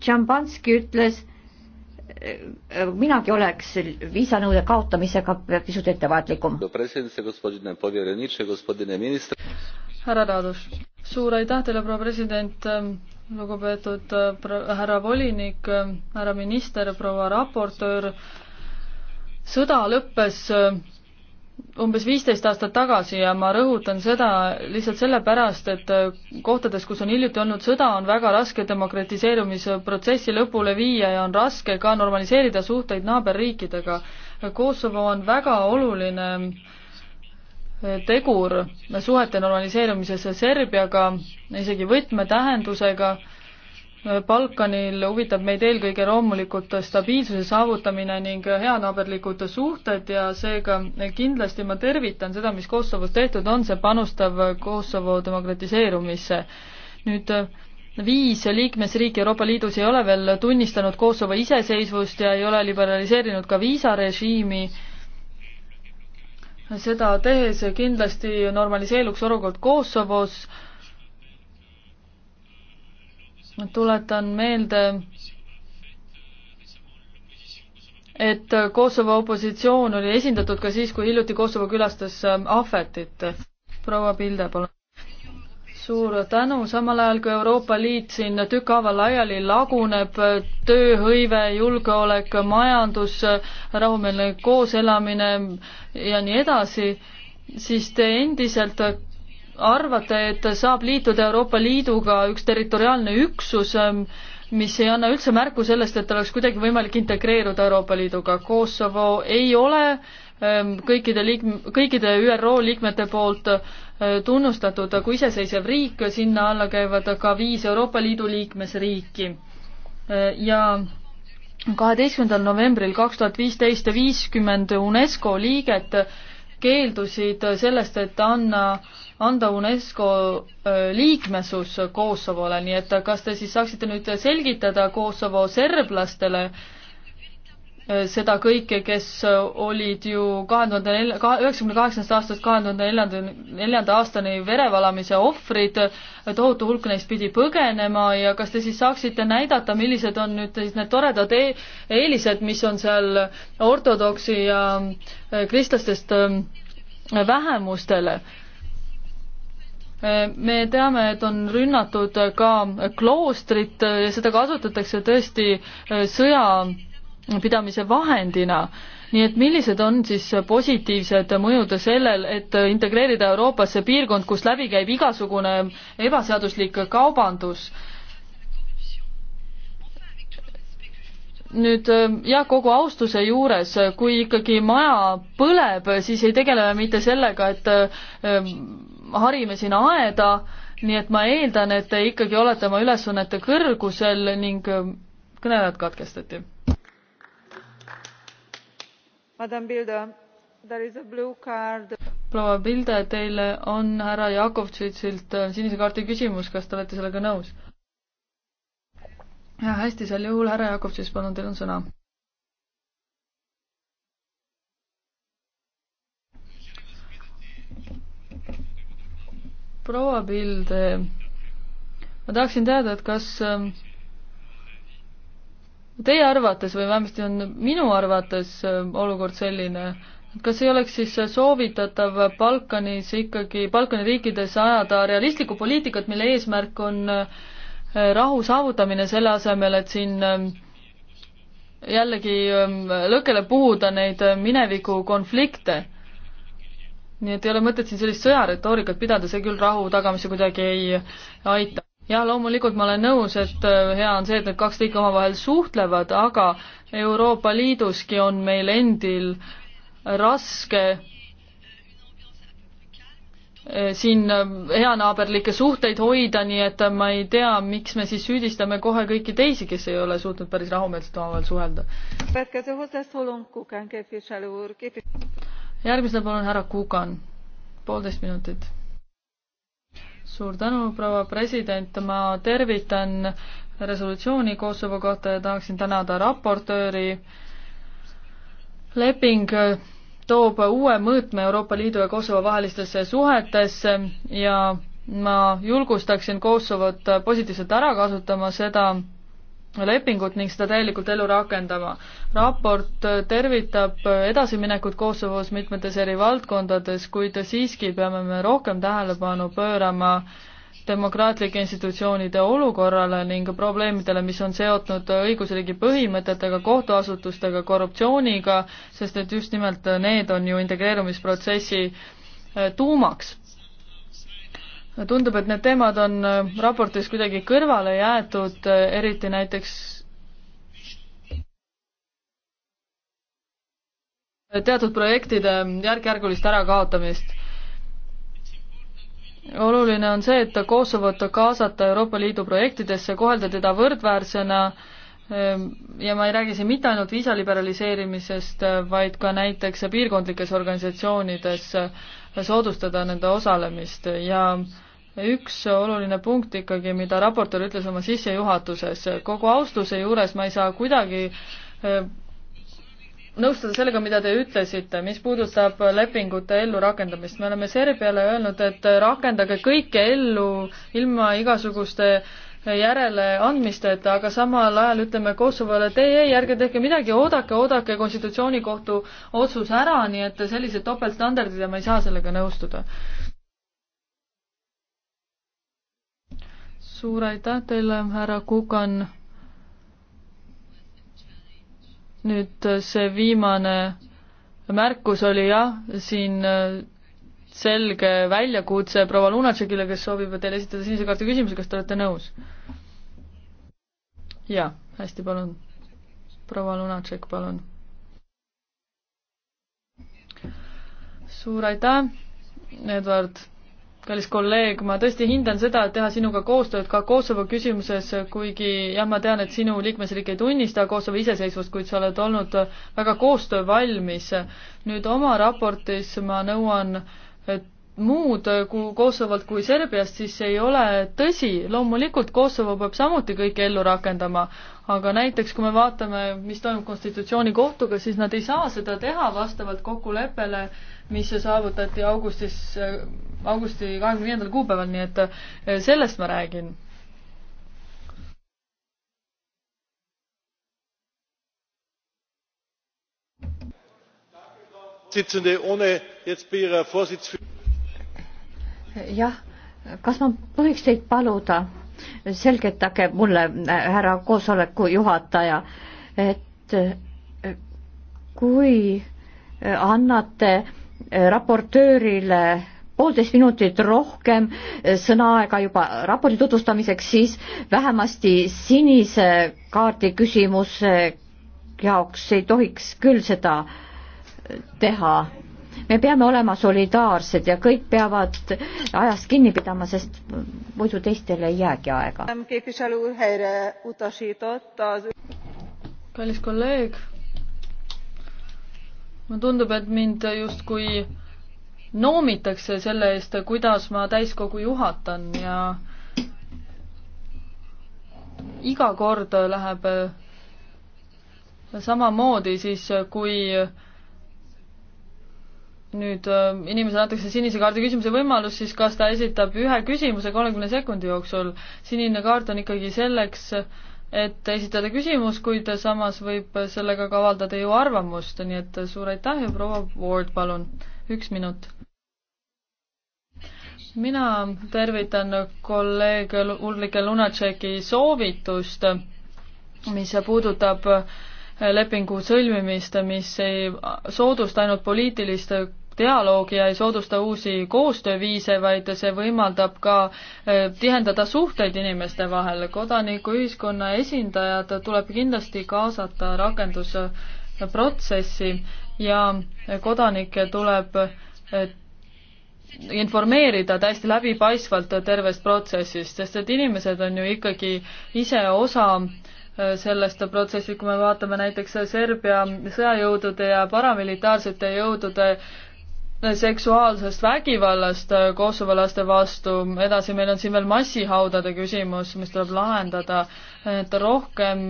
Tšambanski ütles, eh, minagi oleks viisanõude kaotamisega pisut ettevaatlikum. härra Raadus, suur aitäh teile, proua president, lugupeetud härra volinik, härra minister, proua raportöör, sõda lõppes umbes viisteist aastat tagasi ja ma rõhutan seda lihtsalt sellepärast, et äh, kohtades, kus on hiljuti olnud sõda, on väga raske demokratiseerumisprotsessi lõpule viia ja on raske ka normaliseerida suhteid naaberriikidega. Kosovo on väga oluline äh, tegur suhete normaliseerumises Serbiaga, isegi võtmetähendusega Balkanil huvitab meid eelkõige loomulikult stabiilsuse saavutamine ning heanaaberlikud suhted ja seega kindlasti ma tervitan seda, mis Kosovos tehtud on, see panustav Kosovo demokratiseerumisse. nüüd viis liikmesriiki Euroopa Liidus ei ole veel tunnistanud Kosovo iseseisvust ja ei ole liberaliseerinud ka viisarežiimi. seda tehes kindlasti normaliseeruks olukord Kosovos tuletan meelde, et Kosovo opositsioon oli esindatud ka siis, kui hiljuti Kosovo külastas ähm, Ahvetit. proua Pilde, palun. suur tänu, samal ajal kui Euroopa Liit siin tükkhaaval laiali laguneb, tööhõive, julgeolek, majandus, rahumeelne kooselamine ja nii edasi, siis te endiselt arvate, et saab liituda Euroopa Liiduga üks territoriaalne üksus, ähm, mis ei anna üldse märku sellest, et oleks kuidagi võimalik integreeruda Euroopa Liiduga. Kosovo ei ole ähm, kõikide liik-, kõikide ÜRO liikmete poolt äh, tunnustatud kui iseseisev riik, sinna alla käivad ka viis Euroopa Liidu liikmesriiki. Äh, ja kaheteistkümnendal novembril kaks tuhat viisteist viiskümmend UNESCO liiget keeldusid sellest, et anna anda UNESCO äh, liikmesus Kosovole, nii et kas te siis saaksite nüüd selgitada Kosovo serblastele äh, seda kõike, kes olid ju kahe tuhande nelja, üheksakümne kaheksandast aastast kahe tuhande neljanda, neljanda aastani verevalamise ohvrid, tohutu hulk neist pidi põgenema ja kas te siis saaksite näidata, millised on nüüd siis need toredad e eelised, mis on seal ortodoksi ja äh, kristlastest vähemustele äh, me teame, et on rünnatud ka kloostrit ja seda kasutatakse tõesti äh, sõjapidamise vahendina. nii et millised on siis positiivsed mõjud sellel, et integreerida Euroopasse piirkond, kus läbi käib igasugune ebaseaduslik kaubandus nüüd äh, jah, kogu austuse juures, kui ikkagi maja põleb, siis ei tegele mitte sellega, et äh, harime siin aeda, nii et ma eeldan, et te ikkagi olete oma ülesannete kõrgusel ning äh, kõnelejad katkestati. proua Pilde, teile on härra Jakovtšitšilt äh, sinise kaardi küsimus, kas te olete sellega nõus? jah, hästi, sel juhul härra Jakovtšitš, palun, teil on sõna proua Pilde, ma tahaksin teada, et kas ähm, teie arvates või vähemasti on minu arvates ähm, olukord selline, et kas ei oleks siis äh, soovitatav Balkanis ikkagi, Balkani riikides ajada realistlikku poliitikat, mille eesmärk on äh, rahu saavutamine, selle asemel, et siin ähm, jällegi lõkkele puhuda neid äh, mineviku konflikte nii et ei ole mõtet siin sellist sõjaretoorikat pidada, see küll rahu tagamisse kuidagi ei aita. jah, loomulikult ma olen nõus, et äh, hea on see, et need kaks riiki omavahel suhtlevad, aga Euroopa Liiduski on meil endil raske äh, siin äh, heanaaberlikke suhteid hoida, nii et ma ei tea, miks me siis süüdistame kohe kõiki teisi, kes ei ole suutnud päris rahumeelselt omavahel suhelda järgmisena palun härra Kukan, poolteist minutit. suur tänu, proua president, ma tervitan resolutsiooni Kosovo kohta ja tahaksin tänada raportööri. leping toob uue mõõtme Euroopa Liidu ja Kosovo vahelistesse suhetesse ja ma julgustaksin Kosovot positiivselt ära kasutama seda lepingut ning seda täielikult ellu rakendama. raport tervitab edasiminekut Kosovos mitmetes eri valdkondades, kuid siiski peame me rohkem tähelepanu pöörama demokraatlike institutsioonide olukorrale ning probleemidele, mis on seotud õigusriigi põhimõtetega, kohtuasutustega, korruptsiooniga, sest et just nimelt need on ju integreerumisprotsessi tuumaks tundub, et need teemad on äh, raportis kuidagi kõrvale jäetud, äh, eriti näiteks teatud projektide järk-järgulist ärakaotamist. oluline on see, et Kosovot kaasata Euroopa Liidu projektidesse, kohelda teda võrdväärsena ähm, ja ma ei räägi siin mitte ainult viisa liberaliseerimisest, äh, vaid ka näiteks piirkondlikes organisatsioonides soodustada nende osalemist ja äh, üks oluline punkt ikkagi, mida raportöör ütles oma sissejuhatuses, kogu austuse juures ma ei saa kuidagi eh, nõustuda sellega, mida te ütlesite, mis puudutab lepingute ellurakendamist. me oleme Serbiale öelnud, et rakendage kõike ellu ilma igasuguste järeleandmisteta, aga samal ajal ütleme Kosovole, et ei, ei, ärge tehke midagi, oodake, oodake konstitutsioonikohtu otsus ära, nii et sellise topeltstandardid ja ma ei saa sellega nõustuda suur aitäh teile, härra Kukan. nüüd äh, see viimane märkus oli jah, siin äh, selge väljakutse proua Lunatšekile, kes soovib teile esitada sinise kaardi küsimuse, kas te olete nõus? jaa, hästi, palun. proua Lunatšek, palun. suur aitäh, Eduard kallis kolleeg, ma tõesti hindan seda, et teha sinuga koostööd ka Kosovo küsimuses, kuigi jah, ma tean, et sinu liikmesriik ei tunnista Kosovo iseseisvust, kuid sa oled olnud väga koostöövalmis. nüüd oma raportis ma nõuan muud kui Kosovolt kui Serbiast, siis ei ole tõsi, loomulikult Kosovo peab samuti kõike ellu rakendama, aga näiteks kui me vaatame, mis toimub konstitutsioonikohtuga, siis nad ei saa seda teha vastavalt kokkuleppele, mis saavutati augustis, augusti kahekümne viiendal kuupäeval, nii et eh, sellest ma räägin. jah, kas ma võiks teid paluda, selgitage mulle, äh, härra koosoleku juhataja, et äh, kui äh, annate raportöörile poolteist minutit rohkem sõnaaega juba raporti tutvustamiseks, siis vähemasti sinise kaardi küsimuse eh, jaoks ei tohiks küll seda teha. me peame olema solidaarsed ja kõik peavad ajast kinni pidama, sest muidu teistele ei jäägi aega. kallis kolleeg mulle tundub, et mind justkui noomitakse selle eest, kuidas ma täiskogu juhatan ja iga kord läheb samamoodi siis, kui nüüd äh, inimesele antakse sinise kaardi küsimuse võimalus, siis kas ta esitab ühe küsimuse kolmekümne sekundi jooksul. sinine kaart on ikkagi selleks äh, et esitada küsimus, kuid samas võib sellega ka avaldada ju arvamust, nii et suur aitäh ja proua Ward, palun, üks minut. mina tervitan kolleeg Ulrike Lunatšeki soovitust, mis puudutab lepingu sõlmimist, mis ei soodusta ainult poliitilist dialoogi ja ei soodusta uusi koostööviise, vaid see võimaldab ka eh, tihendada suhteid inimeste vahel. kodanikuühiskonna esindajad tuleb kindlasti kaasata rakendusprotsessi ja kodanikke tuleb eh, informeerida täiesti läbipaistvalt tervest protsessist, sest et inimesed on ju ikkagi ise osa eh, sellest protsessist, kui me vaatame näiteks Serbia sõjajõudude ja paramilitaarsete jõudude seksuaalsest vägivallast äh, Kosovo laste vastu, edasi meil on siin veel massihaudade küsimus, mis tuleb lahendada, et rohkem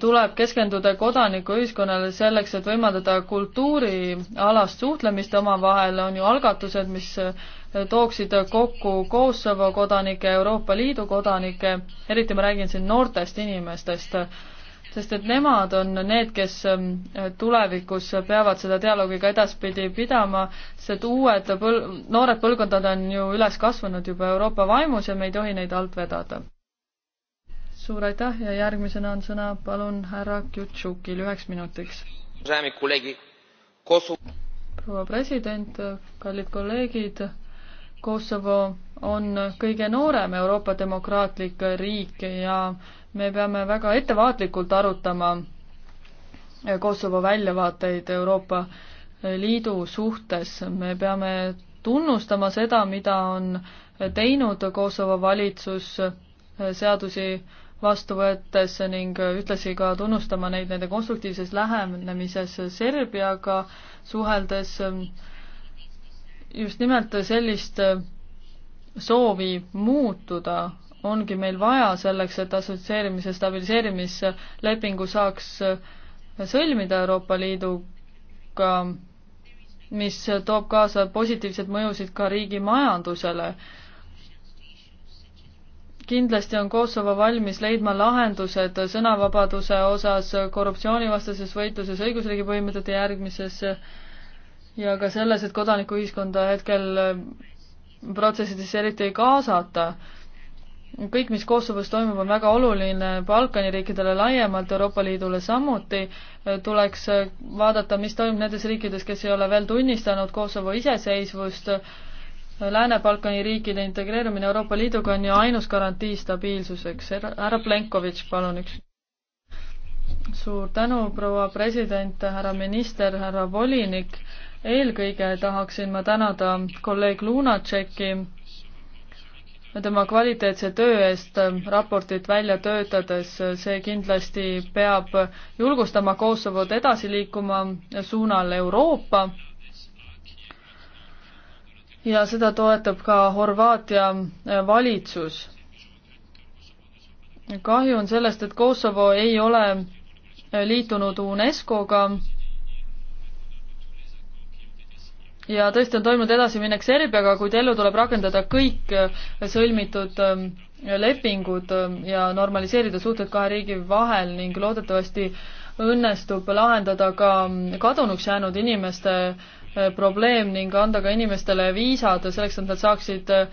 tuleb keskenduda kodanikuühiskonnale selleks, et võimaldada kultuurialast suhtlemist omavahel, on ju algatused, mis äh, tooksid kokku Kosovo kodanike, Euroopa Liidu kodanike, eriti ma räägin siin noortest inimestest sest et nemad on need, kes ähm, tulevikus peavad seda dialoogi ka edaspidi pidama, sest uued põl-, noored põlvkondad on ju üles kasvanud juba Euroopa vaimus ja me ei tohi neid alt vedada. suur aitäh ja järgmisena on sõna palun härra Kjutšukil üheks minutiks. proua president, kallid kolleegid, Kosovo on kõige noorem Euroopa demokraatlik riik ja me peame väga ettevaatlikult arutama Kosovo väljavaateid Euroopa Liidu suhtes, me peame tunnustama seda, mida on teinud Kosovo valitsus seadusi vastu võttes ning ühtlasi ka tunnustama neid nende konstruktiivses lähenemises Serbiaga suheldes just nimelt sellist soovi muutuda ongi meil vaja selleks, et assotsieerimise stabiliseerimislepingu saaks sõlmida Euroopa Liiduga, mis toob kaasa positiivseid mõjusid ka riigi majandusele. kindlasti on Kosovo valmis leidma lahendused sõnavabaduse osas, korruptsioonivastases võitluses, õigusriigi põhimõtete järgmises ja ka selles, et kodanikuühiskonda hetkel protsessidesse eriti ei kaasata kõik, mis Kosovos toimub, on väga oluline Balkani riikidele laiemalt, Euroopa Liidule samuti, tuleks vaadata, mis toimub nendes riikides, kes ei ole veel tunnistanud Kosovo iseseisvust, Lääne-Balkani riikide integreerumine Euroopa Liiduga on ju ainus garantii stabiilsuseks, härra Plenkovitš, palun üks. suur tänu, proua president, härra minister, härra volinik, eelkõige tahaksin ma tänada kolleeg Lunatšeki tema kvaliteetse töö eest ähm, raportit välja töötades, äh, see kindlasti peab julgustama Kosovot edasi liikuma suunal Euroopa ja seda toetab ka Horvaatia äh, valitsus. kahju on sellest, et Kosovo ei ole äh, liitunud UNESCO-ga ja tõesti on toimunud edasiminek Serbiaga, kuid ellu tuleb rakendada kõik äh, sõlmitud ähm, lepingud ähm, ja normaliseerida suhted kahe riigi vahel ning loodetavasti õnnestub lahendada ka ähm, kadunuks jäänud inimeste äh, probleem ning anda ka inimestele viisad selleks, et nad saaksid äh,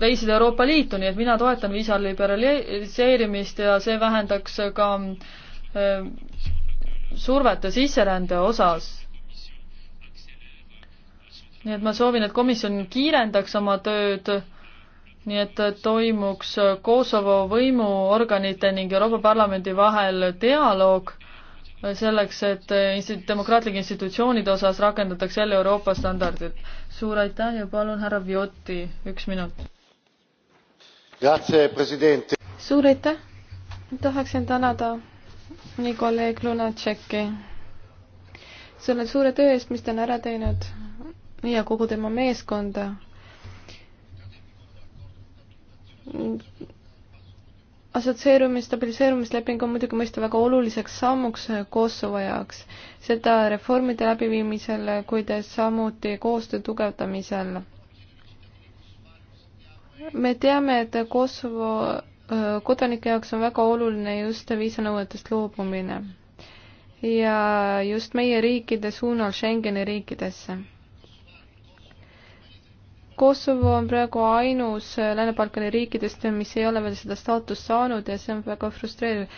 reisida Euroopa Liitu, nii et mina toetan viisa liberaliseerimist ja see vähendaks ka survete sisserände osas nii et ma soovin, et komisjon kiirendaks oma tööd, nii et toimuks Kosovo võimuorganite ning Euroopa Parlamendi vahel dialoog selleks, et insti-, demokraatlike institutsioonide osas rakendatakse jälle Euroopa standardid. suur aitäh ja palun, härra Viotti, üks minut. suur aitäh, tahaksin tänada nii kolleeg Lunatšeki selle suure töö eest, mis ta on ära teinud ja kogu tema meeskonda. assotsieerumis, stabiliseerumisleping on muidugi mõista väga oluliseks sammuks Kosovo jaoks, seda reformide läbiviimisel, kuid samuti koostöö tugevdamisel. me teame, et Kosovo äh, kodanike jaoks on väga oluline just viisanõuetest loobumine ja just meie riikide suunal Schengeni riikidesse Kosovo on praegu ainus Lääne-Balkani riikidest, mis ei ole veel seda staatust saanud ja see on väga frustreeriv.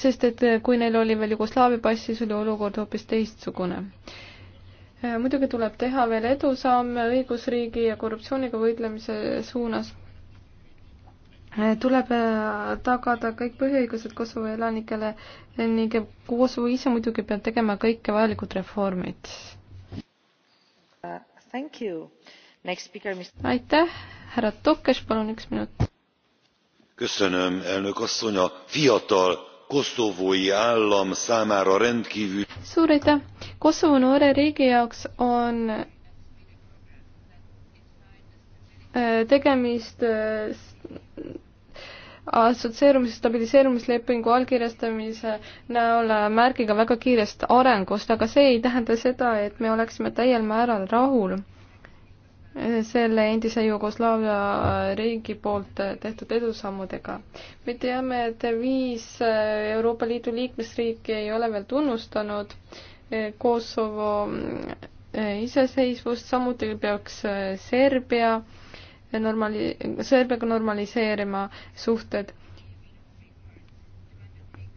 sest et kui neil oli veel Jugoslaavia pass, siis oli olukord hoopis teistsugune. muidugi tuleb teha veel edusamme õigusriigi ja korruptsiooniga võitlemise suunas. tuleb äh, tagada kõik põhiõigused Kosovo elanikele ning Kosovo ise muidugi peab tegema kõike vajalikud reformid. Uh, thank you aitäh, härra Tokes, palun üks minut. köszönöm, elnök asszony, a fiatal koszovói állam számára rendkívül. suur aitäh, Kosovo noore riigi jaoks on tegemist assotsieerumise stabiliseerumislepingu allkirjastamise näol äh, märgiga väga kiirest arengust, aga see ei tähenda seda, et me oleksime täiel määral rahul selle endise Jugoslaavia riigi poolt tehtud edusammudega. me teame, et viis Euroopa Liidu liikmesriiki ei ole veel tunnustanud eh, Kosovo eh, iseseisvust, samuti peaks eh, Serbia normali-, Serbiaga normaliseerima suhted.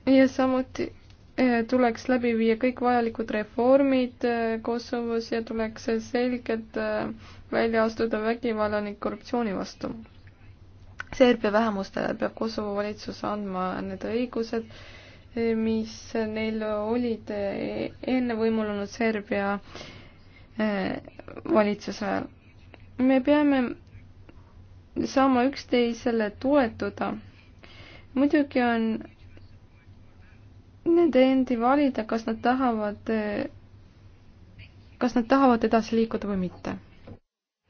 ja samuti tuleks läbi viia kõik vajalikud reformid Kosovos ja tuleks selgelt välja astuda vägivalla ning korruptsiooni vastu. Serbia vähemustele peab Kosovo valitsus andma need õigused, mis neil olid enne võimul olnud Serbia eh, valitsuse ajal. me peame saama üksteisele toetuda. muidugi on nende endi valida, kas nad tahavad, eh, kas nad tahavad edasi liikuda või mitte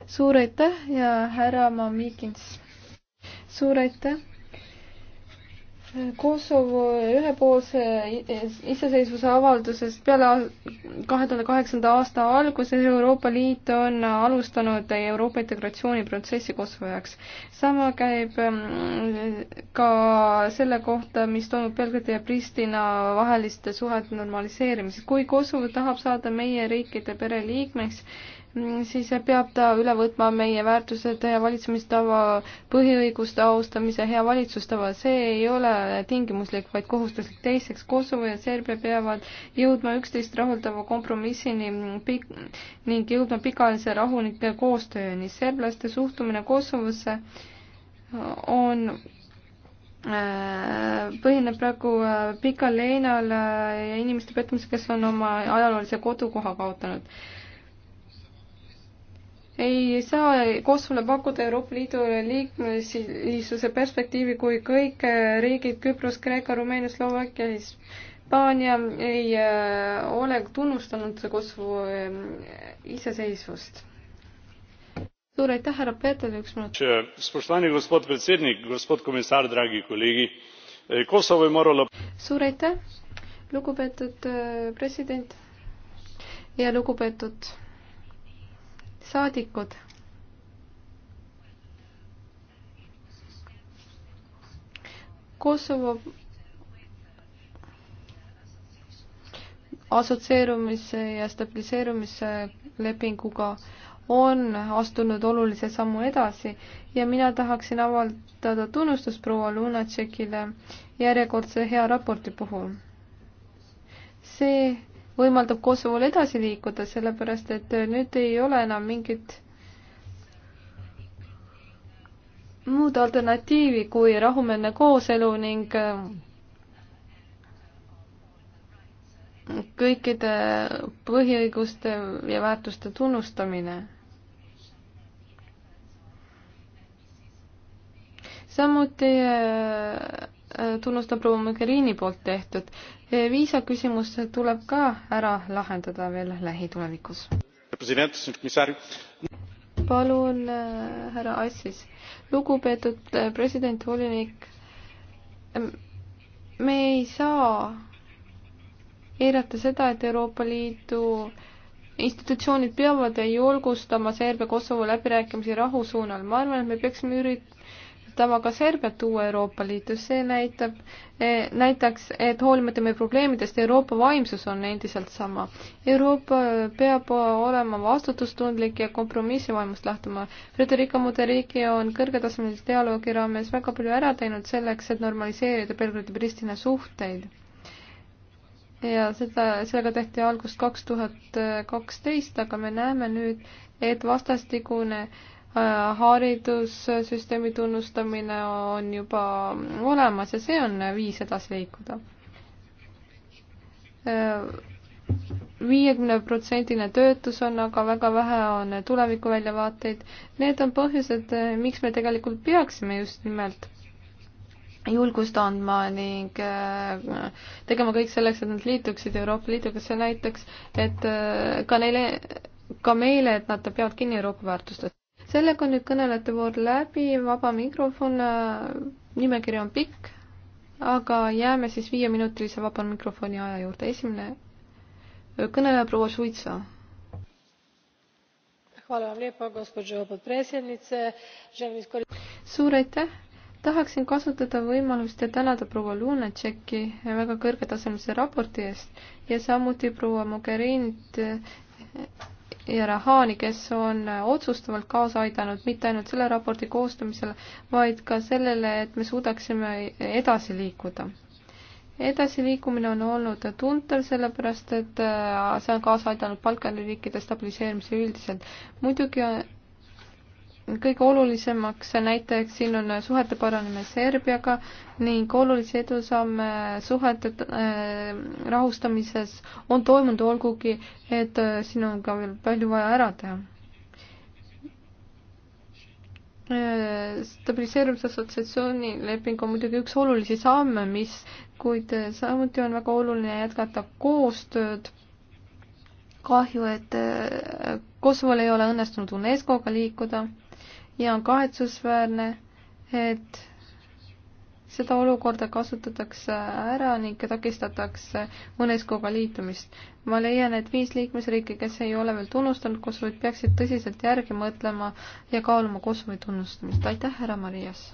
suur aitäh ja härra Mamikins. suur aitäh. Kosovo ühepoolse iseseisvuse avaldusest peale kahe tuhande kaheksanda aasta alguses Euroopa Liit on alustanud Euroopa integratsiooniprotsessi Kosovo jaoks. sama käib mm, ka selle kohta, mis toimub Belgradi ja Pristina vaheliste suhete normaliseerimises. kui Kosovo tahab saada meie riikide pereliikmeks, Mm, siis peab ta üle võtma meie väärtused, hea valitsemistava, põhiõiguste austamise, hea valitsustava, see ei ole tingimuslik, vaid kohustuslik. teiseks, Kosovo ja Serbia peavad jõudma üksteist rahuldava kompromissini pik- ning jõudma pikaajalise rahunike koostööni. serblaste suhtumine Kosovosse on äh, põhineb praegu äh, pikal leinal äh, ja inimeste pettumisel, kes on oma ajaloolise kodukoha kaotanud ei saa Kosovole pakkuda Euroopa Liidu liikmesisuse perspektiivi, kui kõik äh, riigid Küpros, Kreeka, Rumeenia, Slovakkia, Hispaania ei äh, ole tunnustanud Kosovo äh, iseseisvust. suur aitäh, härra Peeter, üks minut. Eh, Kosovo ei morala. suur aitäh, lugupeetud president ja lugupeetud saadikud. Kosovo assotsieerumise ja stabiliseerumise lepinguga on astunud olulise sammu edasi ja mina tahaksin avaldada tunnustust proua Lunatšekile järjekordse hea raporti puhul. see võimaldab Kosovol edasi liikuda, sellepärast et nüüd ei ole enam mingit muud alternatiivi kui rahumeelne kooselu ning äh, kõikide põhiõiguste ja väärtuste tunnustamine. samuti äh, tunnustan proua Mogherini poolt tehtud. Eh, viisaküsimus tuleb ka ära lahendada veel lähitulevikus. palun, eh, härra Assis. lugupeetud eh, president Volinik, me ei saa eirata seda, et Euroopa Liidu institutsioonid peavad julgustama Serbia-Kosovo läbirääkimisi rahu suunal. ma arvan, et me peaksime ürit-, toetama ka Serbiat uue Euroopa Liitu, see näitab, eh, näitaks, et hoolimata meie probleemidest, Euroopa vaimsus on endiselt sama. Euroopa peab olema vastutustundlik ja kompromissivaimust lähtuma. Frederica Moderiki on kõrgetasemelise dialoogi raames väga palju ära teinud selleks, et normaliseerida Belgradi-Pristina suhteid ja seda, sellega tehti algust kaks tuhat eh, kaksteist, aga me näeme nüüd, et vastastikune äh, haridussüsteemi tunnustamine on juba olemas ja see on viis edasi liikuda. viiekümne protsendine töötus on, aga väga vähe on tulevikuväljavaateid. Need on põhjused, miks me tegelikult peaksime just nimelt julgust andma ning äh, tegema kõik selleks, et nad liituksid Euroopa Liiduga, see näitaks, et äh, ka neile, ka meile, et nad peavad kinni Euroopa väärtustest sellega on nüüd kõnelejate voor läbi, vaba mikrofon, äh, nimekiri on pikk, aga jääme siis viieminutilise vaba mikrofoni aja juurde, esimene äh, kõneleja proua Suitsa. suur aitäh, tahaksin kasutada võimalust ja tänada proua Lunatšeki väga kõrgetasemelise raporti eest ja samuti proua Mogherinit ja Rahani, kes on otsustavalt kaasa aidanud mitte ainult selle raporti koostamisele, vaid ka sellele, et me suudaksime edasi liikuda. edasiliikumine on olnud tuntav, sellepärast et äh, see on kaasa aidanud Balkani riikide stabiliseerimise üldiselt. muidugi kõige olulisemaks näitajaks siin on suhete paranemine Serbiaga ning olulisi edusamme suhete äh, rahustamises on toimunud, olgugi et äh, siin on ka veel palju vaja ära teha. Äh, stabiliseerumise assotsiatsiooni leping on muidugi üks olulisi samme, mis, kuid samuti on väga oluline jätkata koostööd kahju, et Kosovol ei ole õnnestunud UNESCO-ga liikuda ja on kahetsusväärne, et seda olukorda kasutatakse ära ning takistatakse UNESCO-ga liitumist. ma leian, et viis liikmesriiki, kes ei ole veel tunnustanud Kosovot, peaksid tõsiselt järgi mõtlema ja kaaluma Kosovo tunnustamist. aitäh, härra Marias!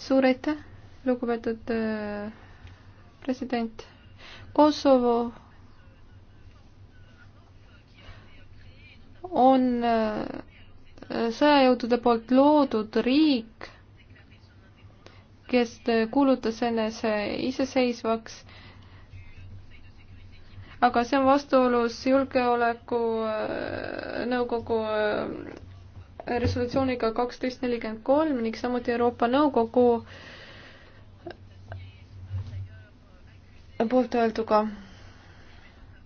suur aitäh, lugupeetud äh, president! Kosovo on äh, sõjajõudude poolt loodud riik, kes kuulutas enese iseseisvaks, aga see on vastuolus Julgeolekunõukogu äh, äh, resolutsiooniga kaksteist nelikümmend kolm ning samuti Euroopa Nõukogu poolt öelduga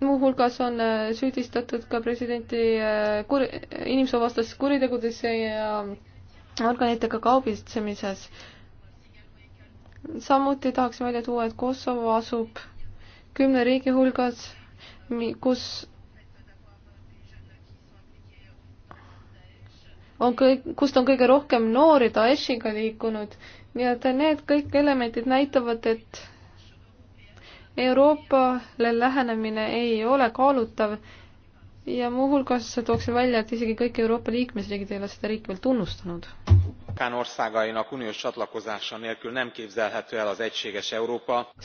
muuhulgas on äh, süüdistatud ka presidenti äh, kur-, inimsusevastases kuritegudes ja organitega kaubitsemises. samuti tahaks välja tuua, et Kosovo asub kümne riigi hulgas, kus on kõik, kust on kõige rohkem noori Daeshiga liikunud, nii et need kõik elemendid näitavad, et Euroopale lähenemine ei ole kaalutav ja muuhulgas tooksin välja, et isegi kõik Euroopa liikmesriigid ei ole seda riiki veel tunnustanud.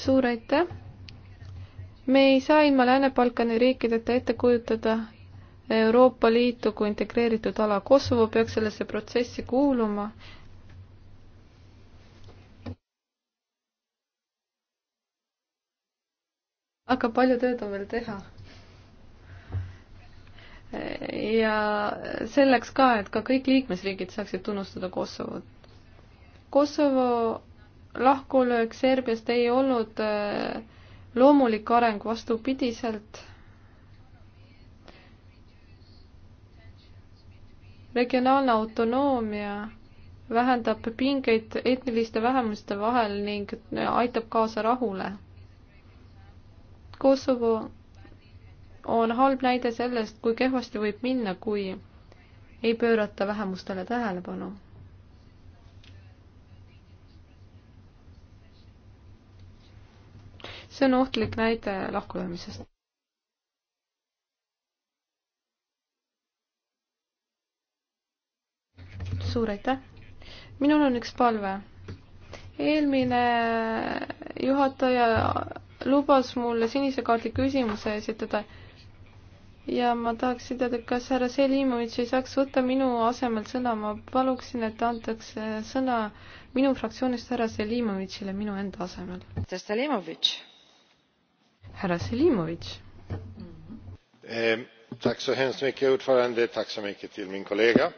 suur aitäh! me ei saa ilma Lääne-Balkani riikideta ette kujutada Euroopa Liitu kui integreeritud ala. Kosovo peaks sellesse protsessi kuuluma aga palju tööd on veel teha. ja selleks ka, et ka kõik liikmesriigid saaksid tunnustada Kosovot. Kosovo lahkulöök Serbiast ei olnud äh, loomulik areng, vastupidiselt regionaalne autonoomia vähendab pingeid etniliste vähemuste vahel ning äh, aitab kaasa rahule. Kosovo on halb näide sellest, kui kehvasti võib minna, kui ei pöörata vähemustele tähelepanu. see on ohtlik näide lahkulöömisest. suur aitäh! minul on üks palve. eelmine juhataja lubas mulle sinise kaardi küsimuse esitada ja ma tahaks teada, kas härra Selimovitš ei saaks võtta minu asemel sõna, ma paluksin, et antaks äh, sõna minu fraktsioonist härra Selimovitšile minu enda asemel. härra Selimovitš. härra ehm, Selimovitš. Tack så hemskt mycket ordförande, tack så mycket till min kollega.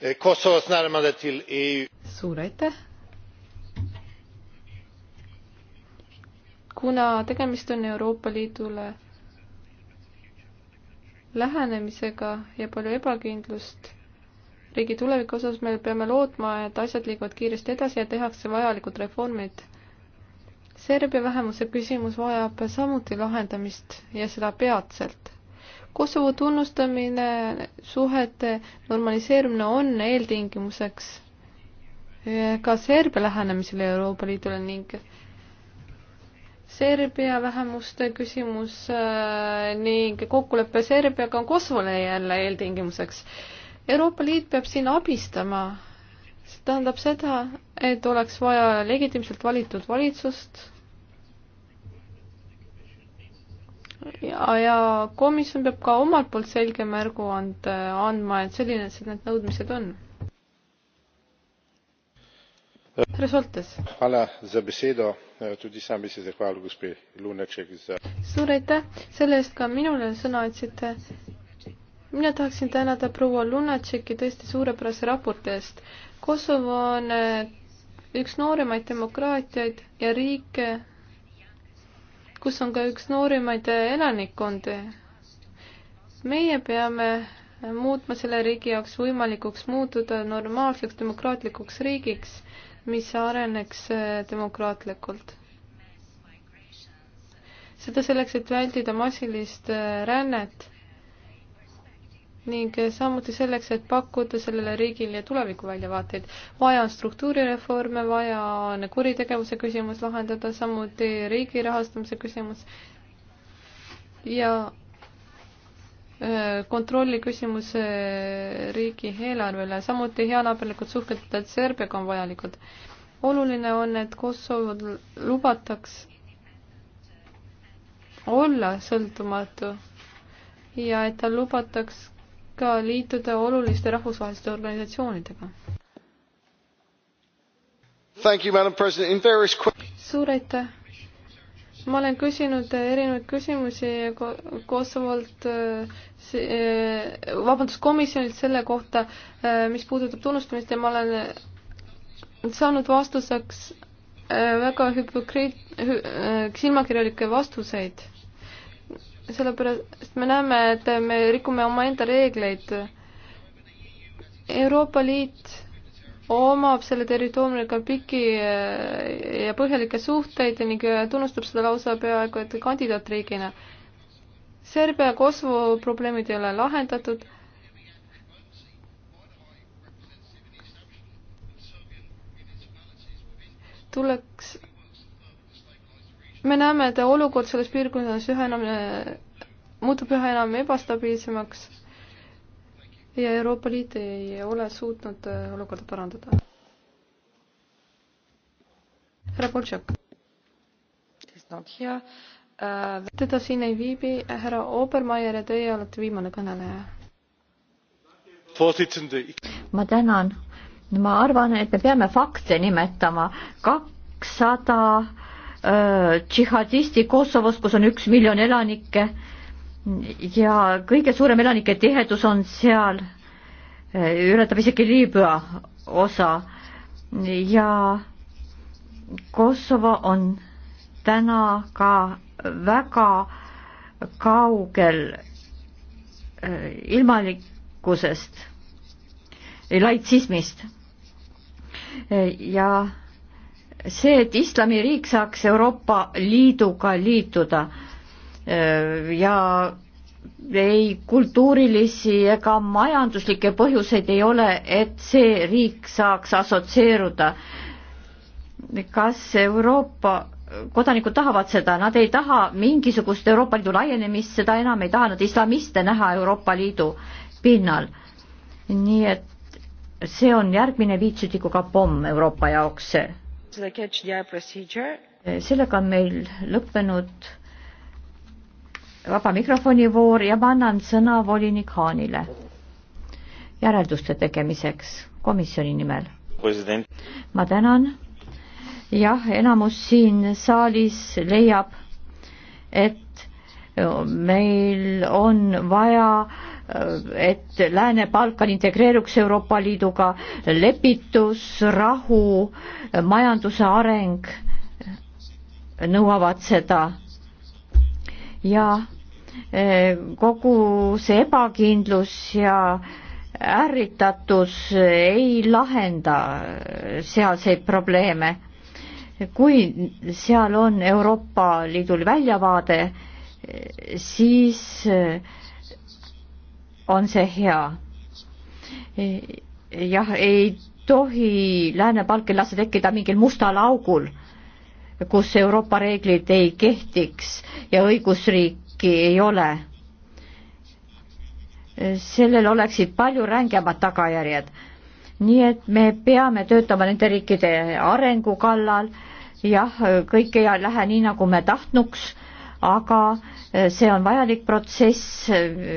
Eh, Kosovos närmande till EU. suur aitäh kuna tegemist on Euroopa Liidule lähenemisega ja palju ebakindlust riigi tuleviku osas, me peame lootma, et asjad liiguvad kiiresti edasi ja tehakse vajalikud reformid. Serbia vähemuse küsimus vajab samuti lahendamist ja seda peatselt. Kosovo tunnustamine, suhete normaliseerimine on eeltingimuseks ka Serbia lähenemisele Euroopa Liidule ning Serbia vähemuste küsimus äh, ning kokkulepe Serbiaga on Kosovole jälle eeltingimuseks. Euroopa Liit peab siin abistama. see tähendab seda, et oleks vaja legitiimselt valitud valitsust. ja, ja komisjon peab ka omalt poolt selge märgu and-, andma, et selline, need nõudmised on tudi sam bi se zahvalil gospe lunacek za. suur aitäh selle eest ka minule sõna andsite. mina tahaksin tänada proua lunaceki tõesti suurepärase raporti eest. kosovo on eh, üks nooremaid demokraatiaid ja riike, kus on ka üks noorimaid eh, elanikkondi. meie peame muutma selle riigi jaoks võimalikuks muutuda normaalseks demokraatlikuks riigiks mis areneks äh, demokraatlikult. seda selleks, et vältida massilist äh, rännet ning äh, samuti selleks, et pakkuda sellele riigile tulevikuväljavaateid. vaja on struktuurireforme, vaja on kuritegevuse küsimus lahendada, samuti riigi rahastamise küsimus ja kontrolli küsimus riigieelarvele, samuti heanaaberlikud suhted Serbiaga on vajalikud. oluline on, et Kosovo lubataks olla sõltumatu ja et tal lubataks ka liituda oluliste rahvusvaheliste organisatsioonidega. suur aitäh! ma olen küsinud erinevaid küsimusi Kosovolt, äh, äh, vabandust, komisjonilt selle kohta, äh, mis puudutab tunnustamist ja ma olen saanud vastuseks väga hüpokriit-, silmakirjalikke vastuseid. sellepärast me näeme, et me rikume omaenda reegleid. Euroopa Liit omab selle territooriumiga pikki äh, ja põhjalikke suhteid ning äh, tunnustab seda lausa peaaegu et kandidaatriigina. Serbia ja Kosovo probleemid ei ole lahendatud. tuleks, me näeme, et olukord selles piirkonnas üha enam, äh, muutub üha enam ebastabiilsemaks ja Euroopa Liit ei ole suutnud äh, olukorda parandada. härra Boltšak. Uh, teda siin ei viibi, härra Obermeier ja teie olete viimane kõneleja. ma tänan. ma arvan, et me peame fakte nimetama. kakssada äh, džihadisti Kosovos, kus on üks miljon elanikke ja kõige suurem elanike tihedus on seal, eh, ületab isegi Liibüa osa ja Kosovo on täna ka väga kaugel eh, ilmalikkusest, laitsismist. ja see, et islamiriik saaks Euroopa Liiduga liituda Äh, ja ei kultuurilisi ega majanduslikke põhjuseid ei ole, et see riik saaks assotsieeruda. kas Euroopa kodanikud tahavad seda, nad ei taha mingisugust Euroopa Liidu laienemist, seda enam ei taha nad islamiste näha Euroopa Liidu pinnal. nii et see on järgmine viitsütikuga pomm Euroopa jaoks. sellega on meil lõppenud vaba mikrofoni voor ja ma annan sõna volinik Haanile järelduste tegemiseks komisjoni nimel. ma tänan. jah, enamus siin saalis leiab, et meil on vaja, et Lääne-Balkan integreeruks Euroopa Liiduga, lepitus, rahu, majanduse areng nõuavad seda ja e, kogu see ebakindlus ja ärritatus ei lahenda sealseid probleeme. kui seal on Euroopa Liidul väljavaade, siis on see hea. jah, ei tohi Lääne-Balkanil lasta tekkida mingil mustal augul kus Euroopa reeglid ei kehtiks ja õigusriiki ei ole. sellel oleksid palju rängemad tagajärjed. nii et me peame töötama nende riikide arengu kallal, jah, kõik ei lähe nii, nagu me tahtnuks, aga see on vajalik protsess,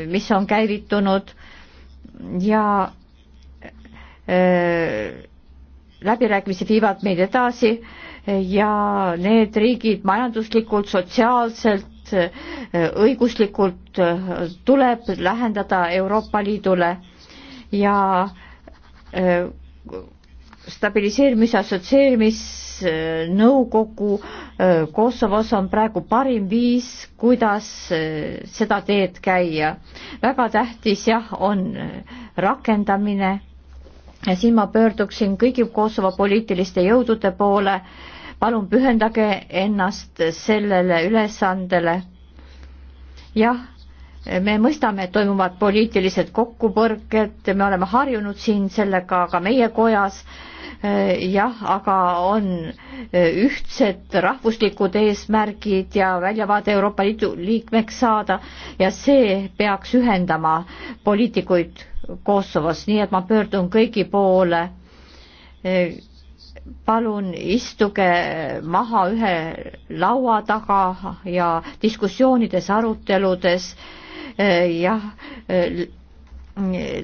mis on käivitunud ja öö, äh, läbirääkimised viivad meid edasi ja need riigid majanduslikult, sotsiaalselt, õiguslikult tuleb lähendada Euroopa Liidule ja äh, stabiliseerimis- ja assotsieerimisnõukogu äh, Kosovos on praegu parim viis, kuidas äh, seda teed käia. väga tähtis jah, on rakendamine ja siin ma pöörduksin kõigi Kosovo poliitiliste jõudude poole, palun pühendage ennast sellele ülesandele. jah, me mõistame, et toimuvad poliitilised kokkupõrked, me oleme harjunud siin sellega ka meie kojas, jah, aga on ühtsed rahvuslikud eesmärgid ja väljavaade Euroopa Liidu liikmeks saada ja see peaks ühendama poliitikuid Kosovos, nii et ma pöördun kõigi poole. Eh, palun istuge maha ühe laua taga ja diskussioonides, aruteludes eh, jah, eh,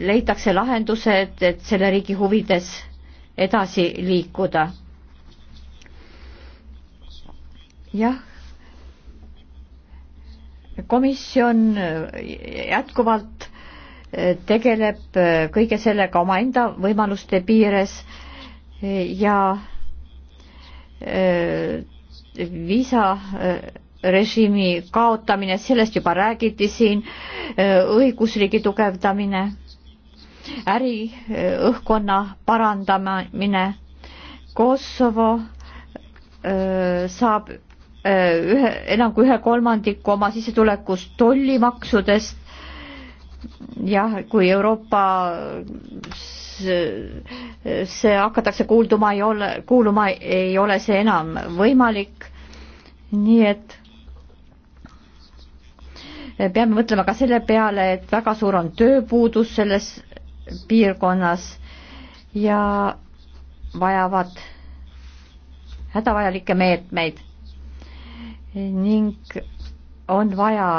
leitakse lahendused, et selle riigi huvides edasi liikuda. jah komisjon jätkuvalt tegeleb äh, kõige sellega omaenda võimaluste piires ja äh, viisarežiimi äh, kaotamine, sellest juba räägiti siin, õigusriigi tugevdamine, äriõhkkonna parandamine, Kosovo saab ühe, enam kui ühe kolmandiku oma sissetulekust tollimaksudest jah, kui Euroopa see hakatakse kuulduma ei ole, kuuluma ei ole see enam võimalik. nii et peame mõtlema ka selle peale, et väga suur on tööpuudus selles piirkonnas ja vajavad hädavajalikke meetmeid ning on vaja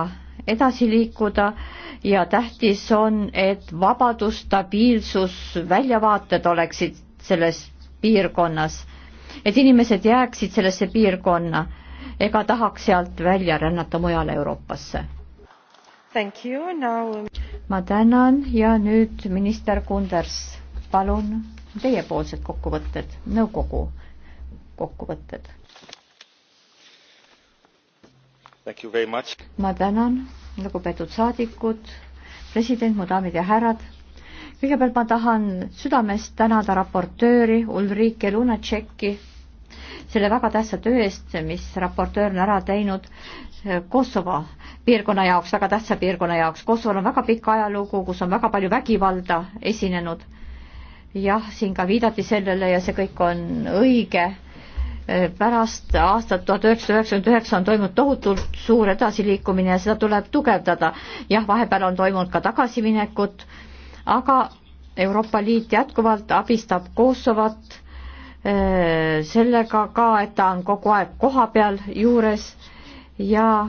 edasi liikuda ja tähtis on, et vabadus, stabiilsus, väljavaated oleksid selles piirkonnas, et inimesed jääksid sellesse piirkonna ega tahaks sealt välja rännata mujale Euroopasse. Now... ma tänan ja nüüd minister Kunders, palun teiepoolsed kokkuvõtted, nõukogu kokkuvõtted. ma tänan lugupeetud saadikud, president, mu daamid ja härrad. kõigepealt ma tahan südamest tänada raportööri Ulrike Lunatšeki selle väga tähtsa töö eest, mis raportöör on ära teinud Kosovo piirkonna jaoks, väga tähtsa piirkonna jaoks. Kosovol on väga pikk ajalugu, kus on väga palju vägivalda esinenud. jah, siin ka viidati sellele ja see kõik on õige pärast aastat tuhat üheksasada üheksakümmend üheksa on toimunud tohutult suur edasiliikumine ja seda tuleb tugevdada. jah, vahepeal on toimunud ka tagasiminekut, aga Euroopa Liit jätkuvalt abistab Kosovot äh, sellega ka, et ta on kogu aeg kohapeal juures ja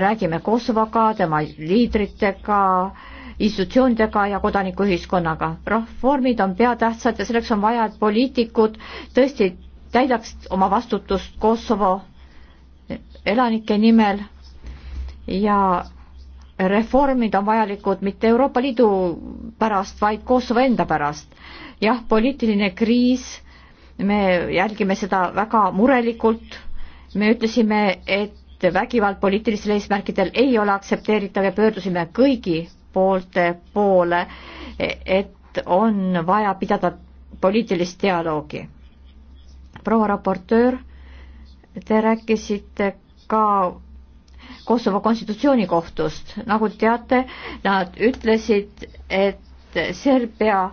räägime Kosovoga, tema liidritega, institutsioonidega ja kodanikuühiskonnaga. reformid on peatähtsad ja selleks on vaja, et poliitikud tõesti täidaks oma vastutust Kosovo elanike nimel ja reformid on vajalikud mitte Euroopa Liidu pärast, vaid Kosovo enda pärast. jah, poliitiline kriis, me jälgime seda väga murelikult, me ütlesime, et vägivald poliitilistel eesmärkidel ei ole aktsepteeritav ja pöördusime kõigi poolte poole, et on vaja pidada poliitilist dialoogi proua raportöör, te rääkisite ka Kosovo konstitutsioonikohtust, nagu te teate, nad ütlesid, et Serbia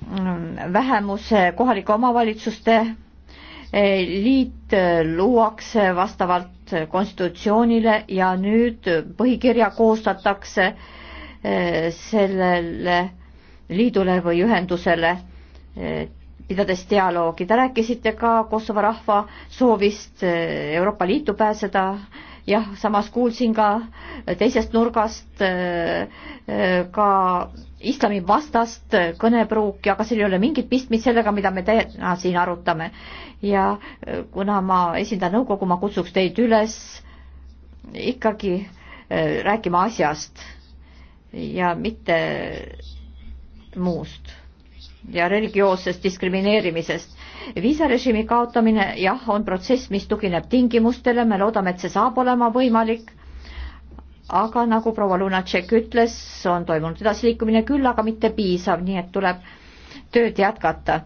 mm, vähemuse kohalike omavalitsuste eh, liit luuakse vastavalt konstitutsioonile ja nüüd põhikirja koostatakse eh, sellele liidule või ühendusele eh, pidades dialoogi. Te rääkisite ka Kosovo rahva soovist eh, Euroopa Liitu pääseda, jah, samas kuulsin ka teisest nurgast eh, eh, ka islami vastast kõnepruuki, aga seal ei ole mingit pistmist sellega, mida me täna siin arutame. ja kuna ma esindan nõukogu, ma kutsuks teid üles ikkagi rääkima asjast ja mitte muust ja religioossest diskrimineerimisest. viisarežiimi kaotamine, jah, on protsess, mis tugineb tingimustele, me loodame, et see saab olema võimalik, aga nagu proua Lunatšek ütles, on toimunud edasiliikumine küll, aga mitte piisav, nii et tuleb tööd jätkata.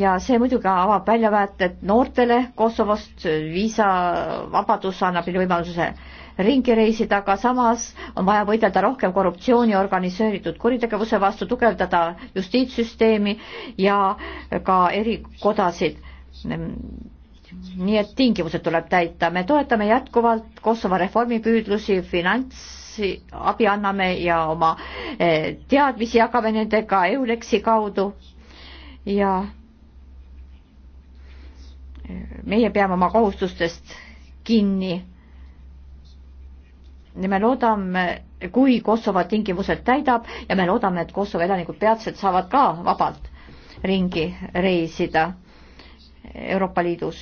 ja see muidugi avab väljavaated noortele Kosovost, viisavabadus annab neile võimaluse ringi reisida, aga samas on vaja võidelda rohkem korruptsiooni organiseeritud kuritegevuse vastu, tugevdada justiitssüsteemi ja ka erikodasid nii et tingimused tuleb täita. me toetame jätkuvalt Kosovo reformipüüdlusi, finantsabi anname ja oma eh, teadmisi jagame nendega EULEX-i kaudu ja eh, meie peame oma kohustustest kinni me loodame, kui Kosovo tingimused täidab ja me loodame, et Kosovo elanikud peatselt saavad ka vabalt ringi reisida Euroopa Liidus.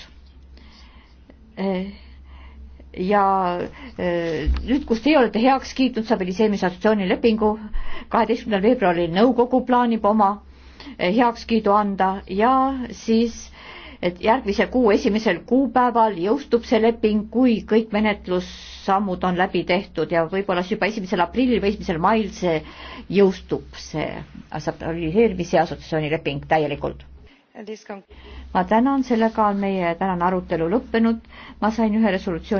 ja e, nüüd, kus teie olete heaks kiitnud stabiliseerimisassotsiatsiooni lepingu, kaheteistkümnendal veebruaril nõukogu plaanib oma e, heakskiidu anda ja siis et järgmise kuu esimesel kuupäeval jõustub see leping, kui kõik menetlussammud on läbi tehtud ja võib-olla siis juba esimesel aprillil või esimesel mail see jõustub, see stabiliseerimise assotsiatsiooni leping täielikult. ma tänan, sellega on meie tänane arutelu lõppenud, ma sain ühe resolutsiooni